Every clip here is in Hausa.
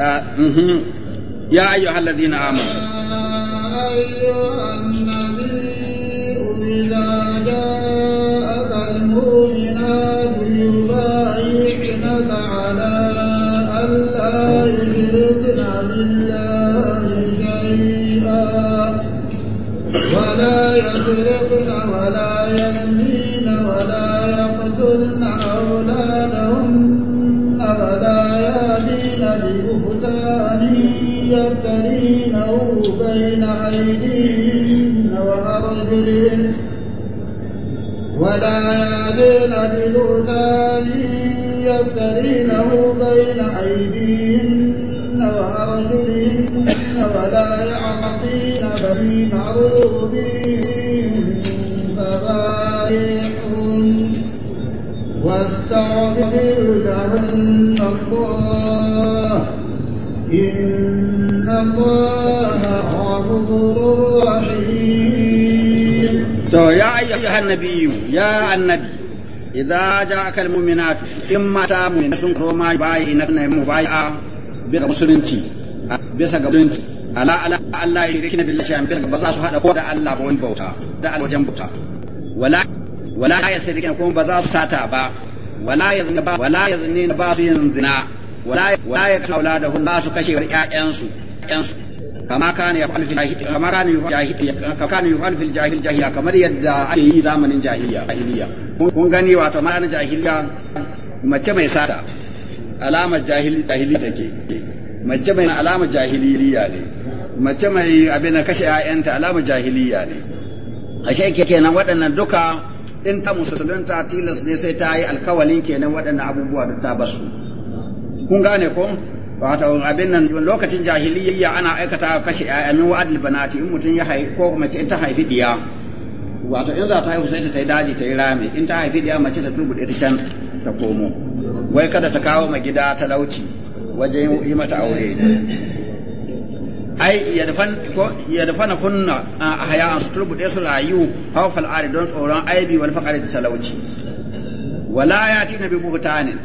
آه يا أيها الذين آمنوا أيها النبي إذا جاءك المؤمنات يبايعنك على أن لا يشركن بالله شيئا ولا يسرقن ولا يسرقن بينه وبين أيديهن وأرجلهن ولا يأتين ببهتان يفترينه بين أيديهن وأرجلهن ولا يعطين بني معروف فبايعهن واستغفر لهن الله إن الله غفور رحيم يا أيها النبي يا النبي إذا جاءك المؤمنات إما يبايع ga musulunci ala ala Allah ya rikina billahi ba za su hada ko da Allah ba wani bauta da wala wala ya sirrika ba za su sata ba wala ya zina ba wala wala kama kana yaf'al fil jahiliya kama kana jahiliya kama kana yaf'al fil jahiliya kamar yadda ake yi zamanin jahiliya kun gani wato ma'ana jahiliya mace mai sata alamar jahiliya jahili take mace mai alamar jahiliya ne mace mai abin da kashe ƴaƴanta alamar jahiliya ne a ke kenan waɗannan duka in ta ta tilas ne sai ta yi alkawalin kenan waɗannan abubuwa da ta basu kun gane ko wato abin nan lokacin jahiliyya ana aikata kashe min wa'adil banati in mutum ya haifi ko mace in ta haifi diya wato in za ta haifi sai ta yi daji ta yi rami in ta haifi diya mace ta turbuɗe ta can ta komo wai kada ta kawo ma gida talauci wajen yi mata aure ai ya dafana kunna a haya an su turbuɗe su rayu haufal ari don tsoron aibi wani faƙari da talauci wala ya ci na bi buhutanin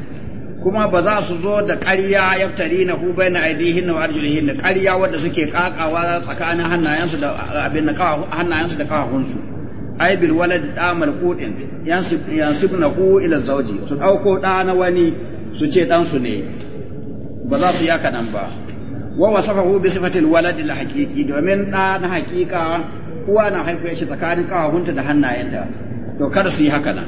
kuma ba za su zo da ƙarya ya tari na hu bai na aidihin wa arjulihin ƙarya wadda suke ƙaƙawa tsakanin hannayensu da abin hannayensu da ƙafafunsu ai bil walad yansu na ku ila zauji su ɗauko ɗa na wani su ce ɗansu ne ba za su yaka nan ba wa wasafahu bi sifatil walad al haqiqi domin ɗa na haƙiƙa uwa na haife shi tsakanin kawahunta da hannayenta to kada su yi haka nan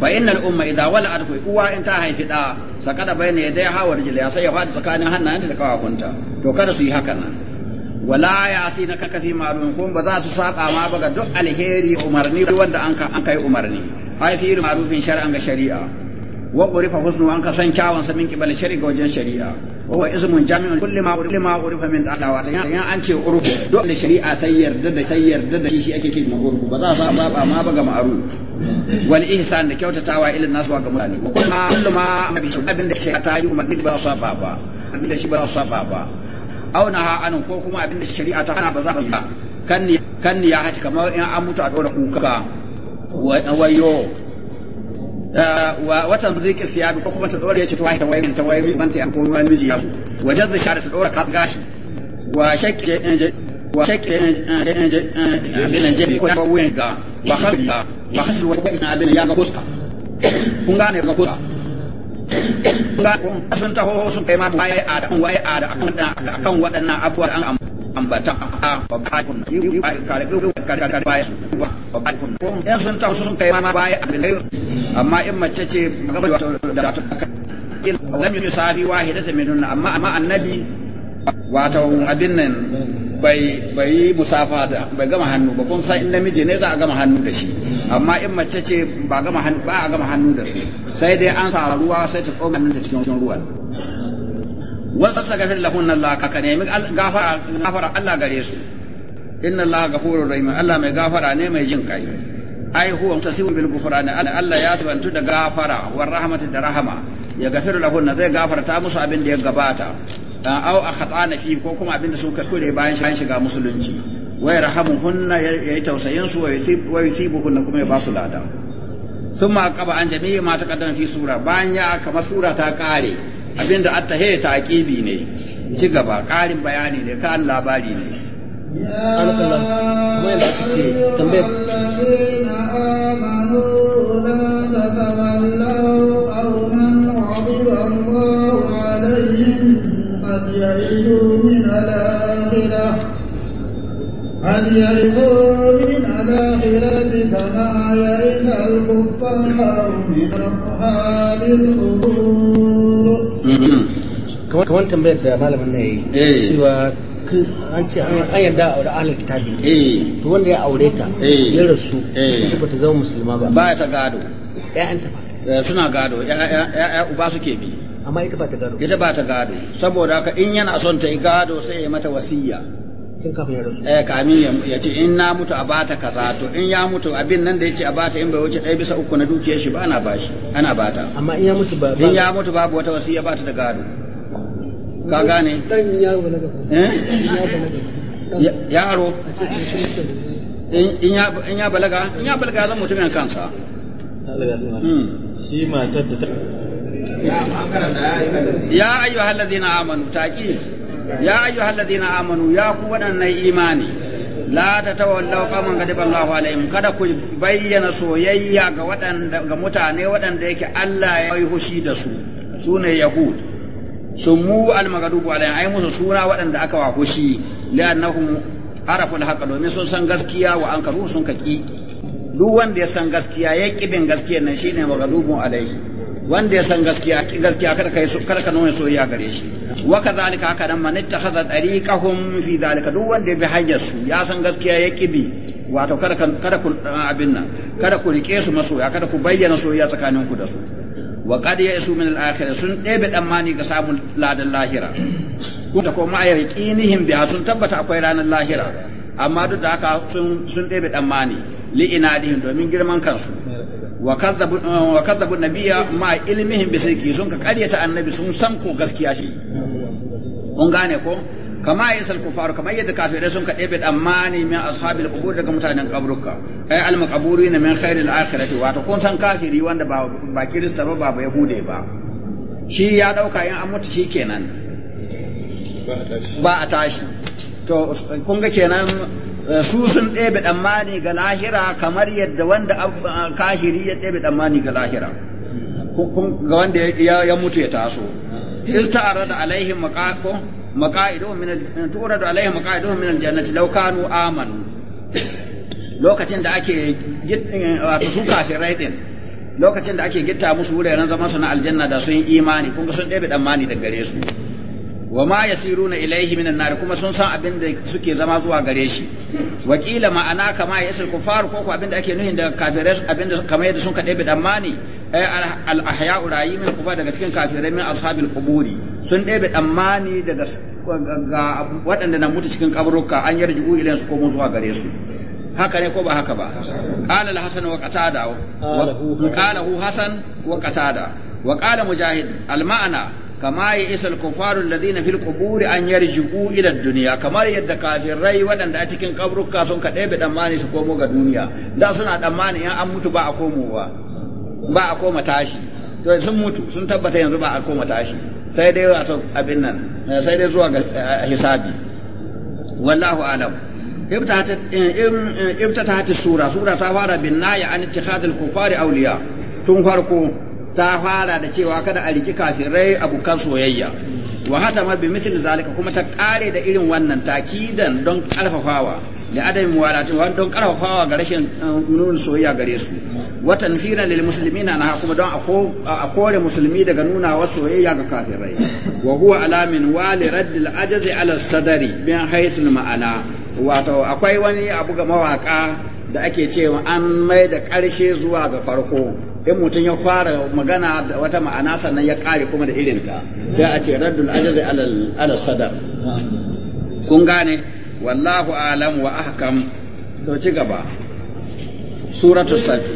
fa innal umma idza wala'at ku uwa in ta haifi da sakada bayna yadai hawar ya sai ya fadi tsakanin hannayenta da kawakunta to kada su yi haka nan wala ya asina kaka kafi ma'lum kun ba za su saba ma ba ga duk alheri umarni wanda an ka an kai umarni ai fi ma'rufin shar'an ga shari'a wa urifa husnu an ka san kyawun sa min kibal shari'a ga wajen shari'a wa ismun jami'un kulli ma kulli ma urifa min Allah wa ya an ce urfu duk da shari'a ta yarda da ta da shi ake kishi urfu ba za su saba ma ba ga ma'ruf wani insan da kyautatawa ilin nasu ga mutane kuma abin da shi ta yi umarni ba su ba ba abin da shi ba su ba ba auna ha anan ko kuma abin da shari'a ta hana ba za ka zuwa kan ni ya hati kamar in an mutu a dora kuka wayo eh, wa watan zikir ko kuma ta dora ya ce ta wahita ta wayi ban ta ko wani miji ya wajen zai share ta dora ka gashi wa shakke eh, wa shakke eh, abin da jabi ko wuyan ga wa khalqa wa hasu wa ina abin ya ga kusa kun gane ga kusa kun ga sun taho sun kai ma waye a da waye a akan da akan waɗannan abubuwa an ambata a babakun yi ba kare kare kare baya su babakun yan ta taho sun kai ma baya abin da amma in mace ce magana da ta lam yusafi wahidatan amma amma annabi wato abin nan bai musafa da bai gama hannu ba kuma sai in namiji ne za a gama hannu da shi amma in mace ce ba gama hannu ba a gama hannu da su sai dai an sa ruwa sai ta tsoma nan da cikin ruwan wasu sagafir lahun Allah ka nemi gafara gafara Allah gare su inna Allah gafurur rahim Allah mai gafara ne mai jin kai ai huwa mutasimu bil ghufrani Allah ya sabantu da gafara war rahmatu da rahama ya gafiru lahun zai gafarta musu abin da ya gabata a khata na fi ko kuma abinda sun kuskure bayan shi shiga musulunci wa yarhamuhunna yayi tausayin su wa yusibuhunna kuma ya basu lada thumma kaba an jami'i ma ta kaddama fi sura bayan ya kama sura ta kare abinda he ta aqibi ne ci gaba karin bayani ne kan labari ne an ce tambayar يئسوا من الآخرة هل يئسوا من الآخرة كما الكفار من أصحاب القبور tambayar da malamin na yi eh. cewa an ce an yarda aure ahlul kitabi eh. to wanda ya aure ta eh. ya rasu ita ba ta zama musulma ba ba ta gado ƴaƴanta ba suna gado ya uba suke bi amma ita ba ta gado ita ba ta gado saboda haka in yana son ta yi gado sai ya mata wasiya tun kafin ya rasu eh kamin ya ce in na mutu a bata kaza to in ya mutu abin nan da ya ce a bata in bai wuce ɗaya bisa uku na dukiyar shi ba ana bashi ana bata amma in ya mutu ba in ya mutu babu wata wasiya ba ta da gado ka gane dan ya balaga eh yaro in ya balaga in ya balaga zan mutumin kansa hmm. shi matar da ta ya ayyuhal ladina amanu taqi ya ayyuhal ladina amanu ya ku wadannan imani la ta tawallaw qaman gadiba Allahu alaihim kada ku bayyana soyayya ga wadanda ga mutane wadanda yake Allah ya yi hushi da su sune yahud sumu al-maghdubu alaihim ai musu suna wadanda aka wa hushi li'annahum arafu haqq domin sun san gaskiya wa ankaru sun kaki duk wanda ya san gaskiya ya kibin gaskiyar nan shine maghdubun alai. wanda ya san gaskiya gaskiya kada kai kada ka nuna soyayya gare shi wa kadhalika aka dan man ittakhadha tariqahum fi dhalika duk wanda ya bi su ya san gaskiya ya kibi wato kada kada ku abin nan kada ku rike su masoya kada ku bayyana soyayya tsakanin ku da su wa qad ya'su min al-akhirah sun ɗebe dan mani ga samun ladan lahira da ko ma yaqinihim bi sun tabbata akwai ranar lahira amma duk da haka sun sun ɗebe dan mani inadihim domin girman kansu wa kadzabu nabiyya ma ilmihim bi sirki sun ka ta annabi sun san ko gaskiya shi kun gane ko kama yasal kufar kama yadda kafirai sun ka ɗebe amani min ashabil qubur daga mutanen kaburka ay al maqburina min khairil akhirati wato kun san kafiri wanda ba ba kirista ba ba yahude ba shi ya dauka in an mutu shikenan ba a tashi to kun ga kenan Eh, su sun ɗebe tsammani ga lahira kamar yadda wanda eh, kahiri ya ɗebe tsammani ga lahira ga wanda ya mutu ya taso istara da alaihim maqaqo maqa'iduhum min al-tura da alaihim maqa'iduhum min al-jannati law kanu amanu lokacin da ake eh, wato su kafirai din lokacin da ake gitta musu wuraren zama su na aljanna da sun imani kun ga sun ɗebe tsammani da gare su wa ma yasiruna ilaihi minan nar kuma sun san abin da suke zama zuwa gare shi wakila ma'ana kama yasul kufar ko abin da ake nuhin da kafirai abin da kama yadda sun kade bi damani ay al urayi min kuma daga cikin kafirai min ashabil quburi sun ɗebe dammani daga ga waɗanda na mutu cikin kaburuka an yarji'u ilayhi su komo zuwa gare su haka ne ko ba haka ba qala al hasan wa qatada qala hu hasan wa qatada wa qala mujahid al kama ya isal kufaru alladhina fil quburi an yarji'u ila dunya kamar yadda kafirai waɗanda a cikin kaburka sun ka ɗebe damani su komo ga duniya da suna damani in an mutu ba a komowa ba a koma tashi to sun mutu sun tabbata yanzu ba a koma tashi sai dai wato abin nan sai dai zuwa ga eh, hisabi wallahu alam ibtata ibtatahat eh, sura sura ta fara bin nayi an ittikhadul kufari awliya tun farko ta fara da cewa kada a riki kafirai abokan soyayya wa hatama bi mithli zalika kuma ta kare da irin wannan takidan don karfafawa da adam walatu wa don karfafawa ga rashin uh, nuna soyayya gare su wa tanfira lil muslimina na kuma don a kore musulmi daga nuna wa soyayya ga kafirai wa huwa alamin wa li raddil ajazi ala sadari bin haythul ma'ana wato akwai wani abu ga mawaka da ake cewa an mai da ƙarshe zuwa ga farko in mutum ya fara magana da wata ma'ana sannan ya kare kuma da irinta sai a ce raddul ajazi alal sadar kun gane wallahu alam wa ahkam to ci gaba suratul safi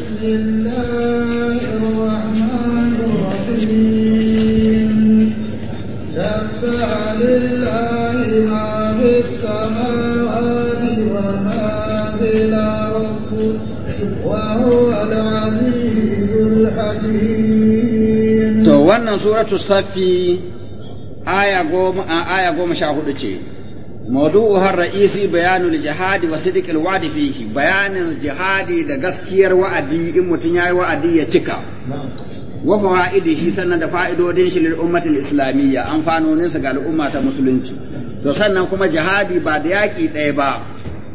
to wannan suratu safi aya goma sha hudu ce ra’isi bayanul بيان wa وصدق الوعد fihi bayanin jihadi da gaskiyar wa'adi in mutun yayi wa'adi ya cika wa shi sannan da fa'idodin shi lil islamiyya amfanoninsa sa ga al'umma ta musulunci to sannan kuma jihadi ba da yaƙi ɗaya ba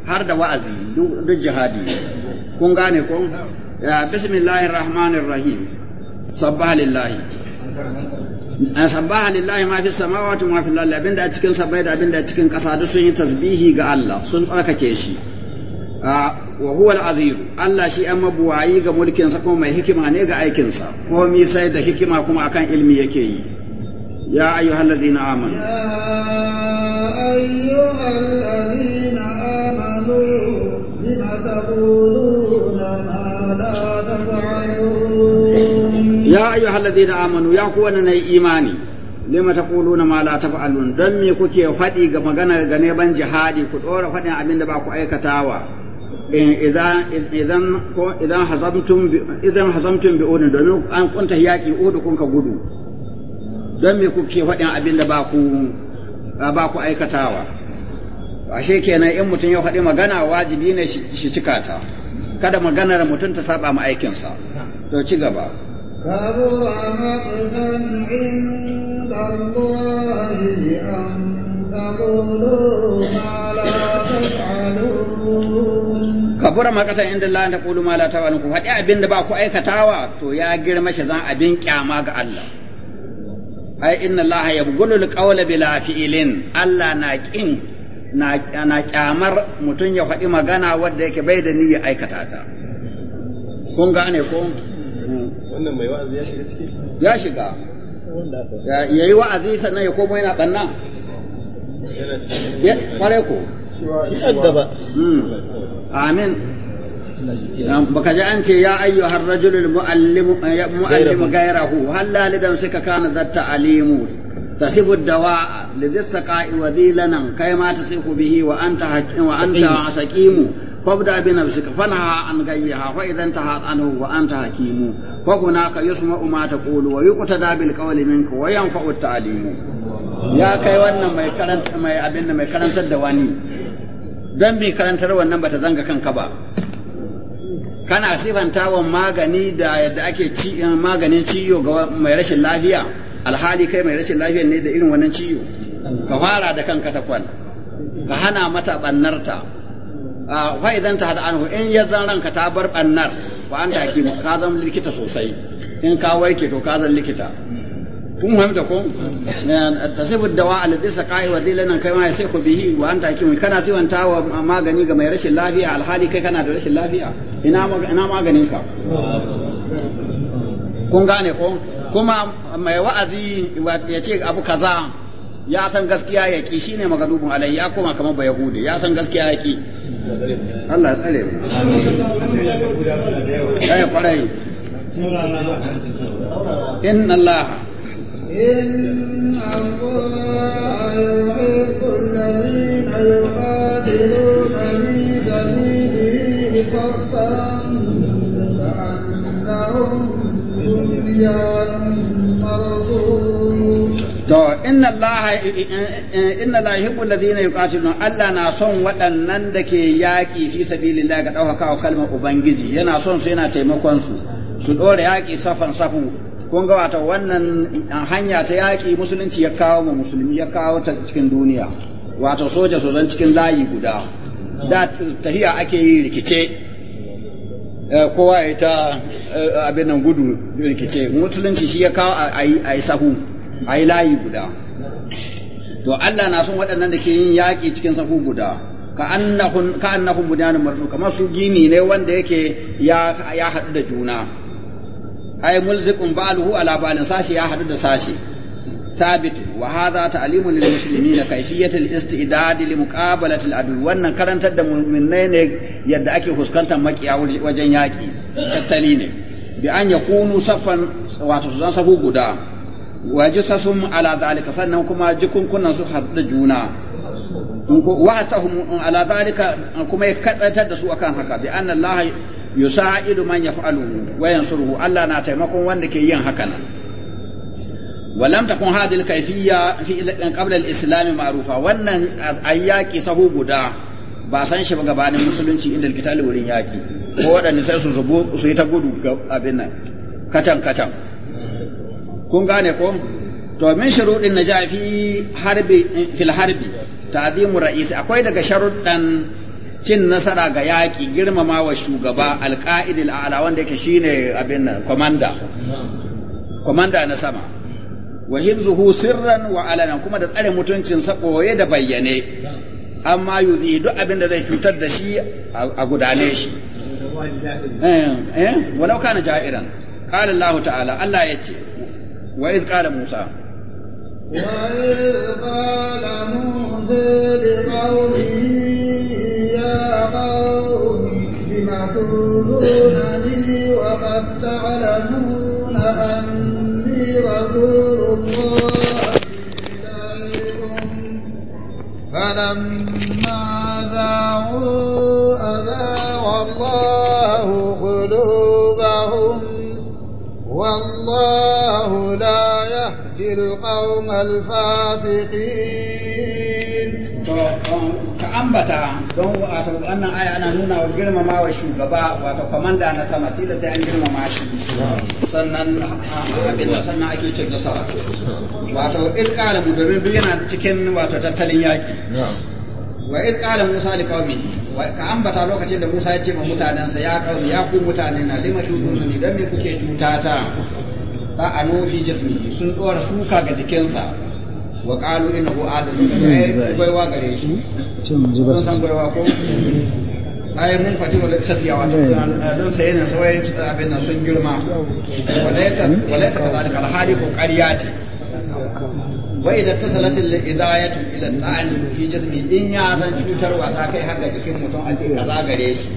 har da wa'azi duk jihadi kun gane ko bismillahir rahmanir rahim sabbaha lillahi sabbaha lillahi ma fi samawati ma fil ardi abinda a cikin sabai da abinda a cikin kasa duk sun yi tasbihi ga Allah sun tsarkake shi wa huwa al-aziz Allah shi an mabuwayi ga mulkin sa kuma mai hikima ne ga aikin sa komai sai da hikima kuma akan ilmi yake yi ya ayyuhallazina amanu ya ayyuhallazina amanu ya ayu halladhi da amanu ya ku wani nayi imani lima taquluna ma la fa’alun don me kuke faɗi ga maganar ga ban jihadi ku ɗora faɗin abin da ba ku aikatawa idan idan hazamtum idan hazamtum bi udun domin an kunta yaki udu kun ka gudu don me kuke faɗin abin da ba ku ba ku aikatawa ashe kenan in mutum ya faɗi magana wajibi ne shi cika ta kada maganar mutum ta saba ma aikinsa to ci gaba kabura makatan inda Allah ta kulu mala ta wani ku faɗi abin da ba ku aikatawa to ya girma shi zan abin kyama ga Allah ai inna Allah ya qawla bila fiilin Allah na kin na kyamar mutum ya faɗi magana wadda yake bai da niyyar aikata ta kun gane ko wannan mai wa'azi ya shiga ciki ya shiga ya yi wa'azi sannan ya komo yana ɓanna ƙware ko hmm. amin baka ji an ce ya ayyu har rajulul mu'allimu gairahu hal lalidan suka kana zatta alimu تصف الدواء لذي السقاء وذي لنم كيما تصف به وأنت حك... وأنت سقيم فابدأ بنفسك فانهى عن غيها فإذا انتهت عنه وأنت حكيم وهناك يسمع ما تقول ويقتدى بالقول منك وينفع التعليم يا كي wannan mai karanta mai abin mai karantar da wani dan bi karantar wannan bata zanga kanka ba kana sifantawan magani da yadda ake ci maganin ciwo ga mai rashin lafiya alhali kai mai rashin lafiyar ne da irin wannan ciwo ka fara da kanka ta kwan ka hana mata bannarta fa idan ta hada anhu in ya zan ranka ta bar bannar ba an mu ka zan likita sosai in ka warke to ka zan likita kun fahimta ko tasibu dawa alladhi saqai wa dilan kai ma ku bihi wa anta mu kana siwanta wa magani ga mai rashin lafiya alhali kai kana da rashin lafiya ina ina maganin ka kun gane ko kuma mai wa'azi ya ce abu kaza ya san gaskiya ya ki shine magadubun alai ya koma kamar ba yahudi ya san gaskiya ya ki Allah ya tsare mu amin kwarai inna Allah inna Allah yuhibbul ladina yuqatiluna fi sabilihi Eh, inna la yuhibbu alladhina yuqatiluna Allah na son waɗannan da ke yaƙi fi sabilillah ga ɗaukaka kalmar ubangiji yana son su yana taimakon su su ɗora yaƙi safan safu kun ga wata wannan eh, hanya ta yaƙi musulunci ya kawo mu musulmi ya kawo ta cikin duniya wato soja su zan cikin layi guda da tahiya ake yi rikice eh, kowa ya ta abin nan gudu rikice musulunci shi ya kawo a yi sahu a yi layi guda to Allah na son waɗannan da ke yin yaƙi cikin sahu guda ka annahum ka annahum kamar su gini ne wanda yake ya haɗu da juna ay mulzikun ba'luhu ala ba'lin sashi ya haɗu da sashi ثابت وهذا تعليم للمسلمين كيفية الاستعداد لمقابلة العدو وأن كرنت المؤمنين يد أكي خسكنت مكي وجن ياكي التلين بأن يكونوا صفا واتسوزان صفو guda. wa jisasun ala zalika sannan kuma jikunkunan su haɗu juna wa atahum um, um, kuma ya kaddatar da su akan haka bi anna allaha yusa'idu man yaf'alu Allah na taimakon wanda ke yin haka nan ولم تكن هذه الكيفية في قبل الإسلام معروفة وأن أياكي سهو بدا باسان شبه غبان المسلمين عند القتال ورين ياكي هو أن نسأل سبو سيتا قدو أبنا كتم kacan kun gane ko to min shuruɗin naja fi harbi fil harbi ta'zimu ra'is akwai daga sharuɗan cin nasara ga yaƙi girmama wa shugaba alƙa'idil a'la wanda yake shine abin nan komanda komanda na sama wa hibzuhu sirran wa alanan kuma da tsare mutuncin sa boye da bayyane amma yuzi duk abin da zai cutar da shi a gudane shi eh eh walau kana ja'iran qala Allah ta'ala Allah yace وإذ قال موسى وإذ قال موسى لقومه يا قوم لم تؤذونني وقد تعلمون أني رسول الله إليكم فلما ذاعوا أذاع الله الله لا يهدي القوم الفاسقين ka ambata don wato wannan aya ana nuna wa girmama wa shugaba wato na sama tilas sai an girmama shi sannan ah, abin da sannan ake cin nasara wato in kala yana cikin wa in kala musa li qaumi ka ambata lokacin da musa ya ce ma mutanansa ya qaumi ya ku mutane na lima dan me kuke tutata ba a nufi جسمه sun ɗora suka ga jikinsa wa qalu innahu adam bai wa gare shi ce hmm? mun ji ba san bai ko ai mun fati wala khasiyawa don eh, sai yana sawai abin nan sun girma walaita walaita kadalika alhali ko ƙarya ce wa idza tasalat ya tuki ila al-ta'an fi jismi in ya zan cutarwa ta kai har ga cikin mutum a ce kaza gare shi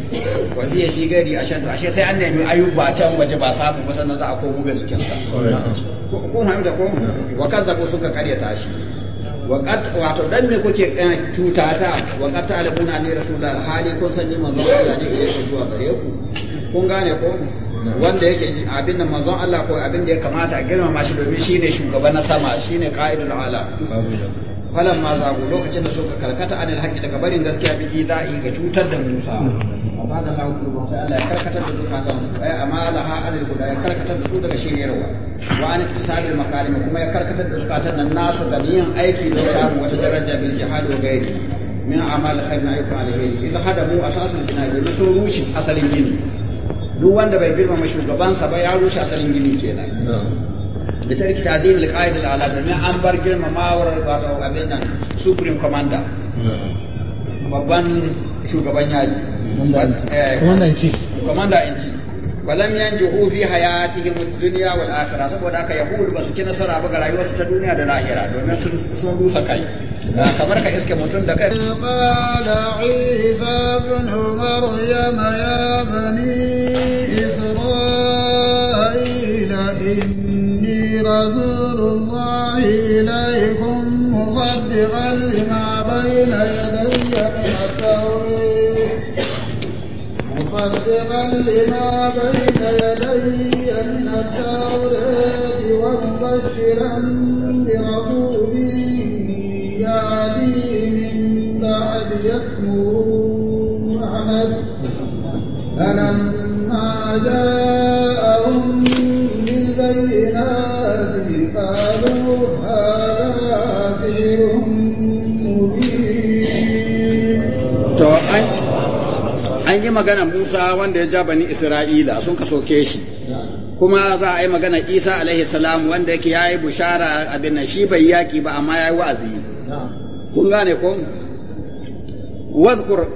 wa hiya fi gari ashadu ashe sai an nemi ayyuba can waje ba samu ba sannan za a komo ga cikin sa ko hamu da ko wa kadzabu suka tashi shi وقد wato dan me kuke eh, cuta ta waqad ta'lamuna ni rasulullah hali kun san ni manzo Allah ne zuwa gare ku kun gane ko wanda yake abin nan manzon Allah ko abin da ya kamata a girmama shi domin shi ne shugaba na sama shi ne qa'idul ala falan ma zagu lokacin da suka karkata anil haqqi daga barin gaskiya bi ida'i ga cutar da Musa ba da Allah ku sai Allah ya karkatar da zukatan ay amala ha anil guda ya karkatar da su daga shiryarwa wa an tisabil makarim kuma ya karkatar da zukatan nan nasu da yin aiki da samu wata daraja bil jihad wa gairi min amal khair na ayyuka alheri idan hadamu asasan bina da sun rushin asalin gini duk wanda bai girmama shugabansa ba ya rushe asalin gini kenan da ta rikita dinin alƙa'id al'ala domin an bar girmamawar wato abin nan supreme commander babban shugaban yaji commander in chief commander in chief walam yanjuhu fi hayatihim ad-dunya wal akhirah saboda haka yahud ba su ci nasara ba ga rayuwarsu ta duniya da lahira domin sun sun rusa kai kamar ka iske mutum da kai qala isa ibn maryam ya bani isra'ila inni rasulullah ilaykum musaddiqan lima bayna yadayya min at مقدما لما بين يدي من التوراة ومبشرا برسولي يعني من بعد يسمو أحمد فلما جاء an yi magana Musa wanda ya ja bani Isra'ila sun ka soke shi kuma za a yi magana Isa alaihi salam wanda yake yayi bushara abin nan shi bai yaki ba amma yayi wa'azi kun gane ko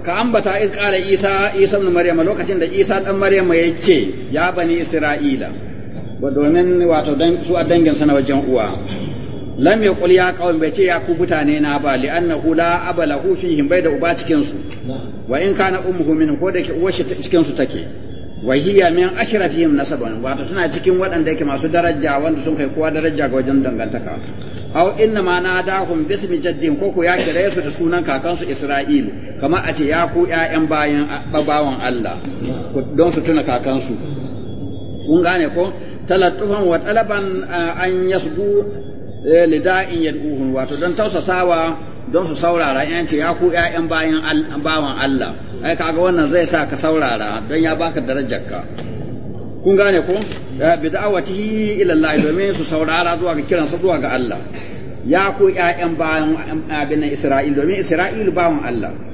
ka ambata qala isa Isa ibn maryam lokacin da isa dan maryam ya ce ya bani isra'ila wa domin wato dan su a dangin sana wajen uwa. lam kul ya qaum bai ce ya ku mutane na ba li annahu la hu fihim bai da uba cikin su wa in kana ummuhu min ko da ke cikin su take wa hiya min ashrafihim nasaban wato tana cikin waɗanda yake masu daraja wanda sun kai kowa daraja ga wajen dangantaka aw inna ma nadahum bismi jaddin ko ku ya kire su da sunan kakansu Isra'il kamar a ce ya ku ƴaƴan bayan babawan Allah don su tuna kakansu kun gane ko talattufan wa talaban an yasbu Eh, lida'in yad'uhum wato dan tausasawa don su saurara yan ce ya ku ƴaƴan bayan bawan Allah ai kaga wannan zai sa ka saurara don ya baka darajar ka kun gane ko eh, bi ila Allah domin su saurara zuwa ga kiransa zuwa ga Allah ya ku ƴaƴan bayan abin Isra'il domin Isra'il bawan Allah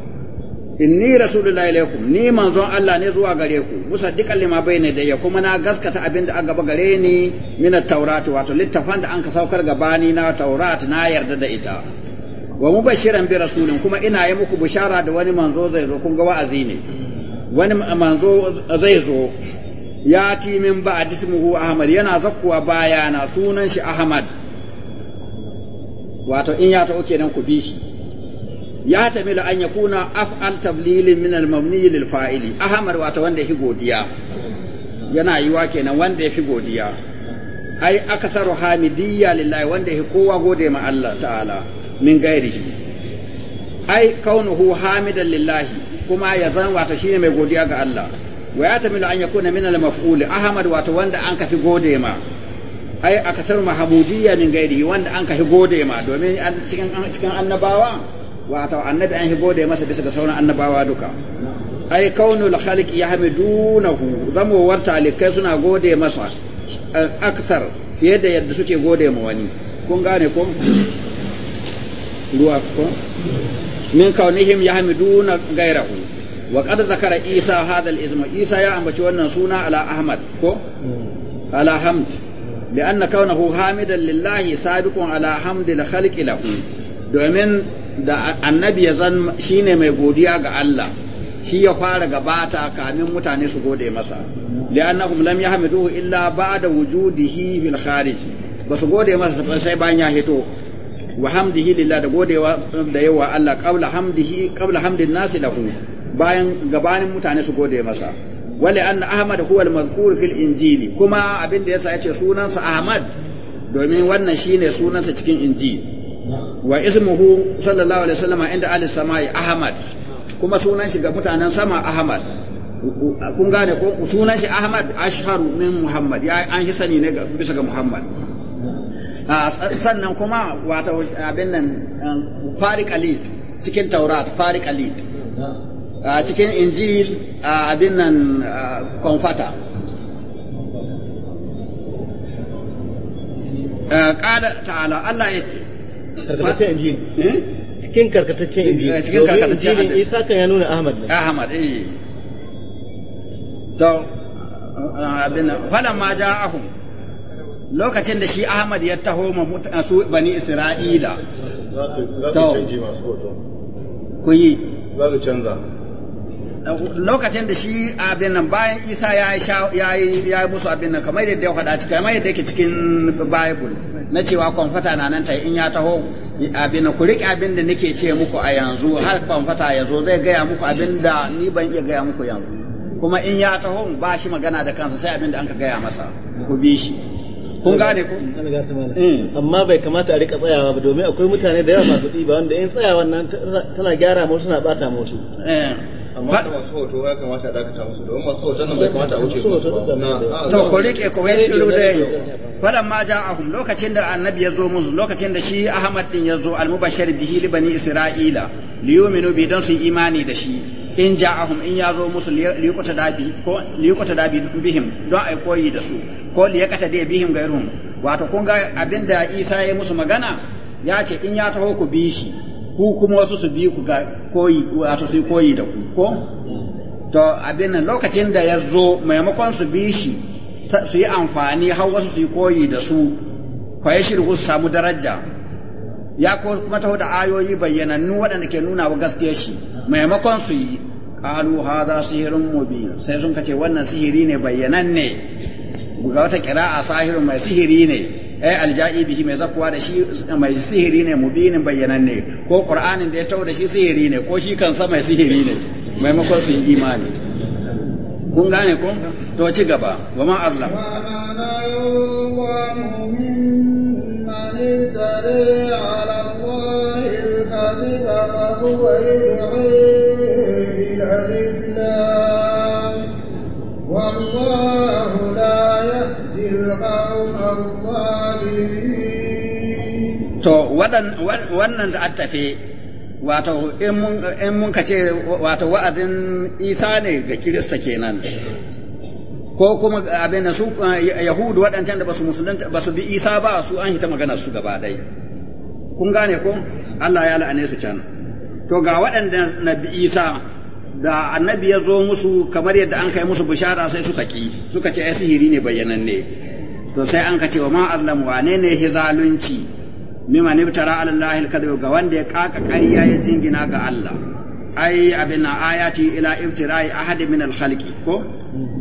inni rasulullahi alaikum ni manzon Allah ne zuwa gare ku musaddiqan lima bayna da ya kuma na gaskata abin da aka gaba gare ni min at wato littafan da an ka saukar gabani na taurat na yarda da ita wa mubashiran bi rasulin kuma ina yi muku bishara da wani manzo zai zo kun ga wa'azi ne wani manzo zai zo ya ti min ba ismuhu ahmad yana zakkuwa bayana sunan shi ahmad wato in ya ta nan ku bi shi ya tamila an yakuna af'al tablilin min al-mabni lil fa'ili ahamar wato wanda yake godiya yana yi wa kenan wanda ya fi godiya ai akasaru hamidiyya lillahi wanda yake kowa gode ma Allah ta'ala min gairihi ai kaunuhu hamidan lillahi kuma ya zan wato shine mai godiya ga Allah wa ya tamilu an yakuna min al-maf'ul ahamar wato wanda an kafi gode ma ai akasaru mahamudiyya min gairihi wanda an kafi gode ma domin cikin cikin annabawa wato annabi an yi gode masa bisa ga sauran annabawa duka ai kaunul khaliq yahmidunahu zamowar likai suna gode masa eh, akthar fiye da yadda suke gode ma wani kun gane ko ruwa ko min kaunihim yahmiduna gairahu wa qad zakara isa hadha al-ism isa ya ambaci wannan suna ala ahmad ko ala hamd لأن كونه حامدا لله سابق على حمد الخلق له domin da annabi ya zan ne mai godiya ga Allah shi ya fara gabata kamin mutane su gode masa li'annahum lam yahmiduhu illa ba'da wujudihi fil kharij ba su gode masa sai bayan ya hito wa hamdihi lillah da godewa da yawa Allah qabla hamdihi qabla hamdin nasi lahu bayan gabanin mutane su gode masa wali anna ahmad huwa al-mazkur fil injili kuma abinda yasa yace sunansa ahmad domin wannan shine sunansa cikin injili wa ismuhu sallallahu alaihi wasallam inda ahli samai ahmad kuma sunan shi ga mutanen sama ahmad kun gane ko sunan shi ahmad ashharu min muhammad ya an shi sani ne bisa ga muhammad ah, sannan kuma wata abin nan um, farik alid cikin taurat farik alid ah, cikin injil ah, abin nan konfata قال تعالى الله يتي karkataccen injili hmm? cikin karkataccen injili cikin karkataccen injili isa kan ya nuna ahmad ne ahmad eh to abin falamma ja'ahum lokacin da shi ahmad ya taho ma su bani isra'ila ku yi za su canza lokacin da shi abin nan bayan isa ya yi musu abin nan kamar yadda ya faɗa cikin kamar yadda yake cikin bible na cewa kwamfata na nan ta in ya taho abin ku riƙe abin da nake ce muku a yanzu har kwamfata ya zo zai gaya muku abin da ni ban iya gaya muku yanzu kuma in ya taho ba shi magana da kansa sai abin da an ka gaya masa ku bi shi kun gane ku mm. amma bai kamata a rika tsayawa ba domin akwai mutane da yawa masu ɗiba wanda in tsayawa nan tana gyara mu na bata musu amma da masu hoto ya kamata a musu domin masu hoton nan bai kamata a wuce musu ba to ko rike ko wai ma lokacin da annabi ya zo musu lokacin da shi ahmad din ya zo almubashir bihi li bani isra'ila liyuminu bi dan su imani da shi in ja'ahum in ya zo musu dabi ko liyuqata dabi bihim don ai koyi da su ko da bihim wato kun ga abinda Isa ya musu magana ya ce in ya taho ku bi shi ku kuma wasu su bi ku ga koyi wato su koyi da ku ko to abin nan lokacin da ya zo maimakon su bi shi su yi amfani har wasu su koyi da su fa ya su samu daraja ya kuma taho da ayoyi bayyanannu waɗanda ke nuna wa gaskiyar shi maimakon su yi qalu hadha sihrun mubin sai sun kace wannan sihiri ne bayyananne ga wata a sahiru mai sihiri ne ai eh, alja'i bihi mai zakuwa da shi mai sihiri ne mubinin bayyanan ne ko qur'anin da ya tauda da shi sihiri ne ko shi kansa mai sihiri ne maimakon su imani kun gane ko to ci gaba wa ma arlam to wannan da attafe wato in mun ka ce wato wa'azin isa ne ga kirista kenan ko kuma abin da su eh, yahudu waɗancan da ba musulunta bi isa ba su an hita magana su gaba ɗai kun gane ko Allah ya la'ane su can to ga waɗanda na bi isa da annabi ya zo musu kamar yadda an kai musu bishara sai suka ki suka ce ai sihiri ne bayyananne to sai an ka ce wa ma wane ne hizalunci mima ne bitara alallahi alkadhib ga wanda ya kaka ƙarya ya jingina ga Allah ai abin ayati ila ibtirai ahad min alkhalqi ko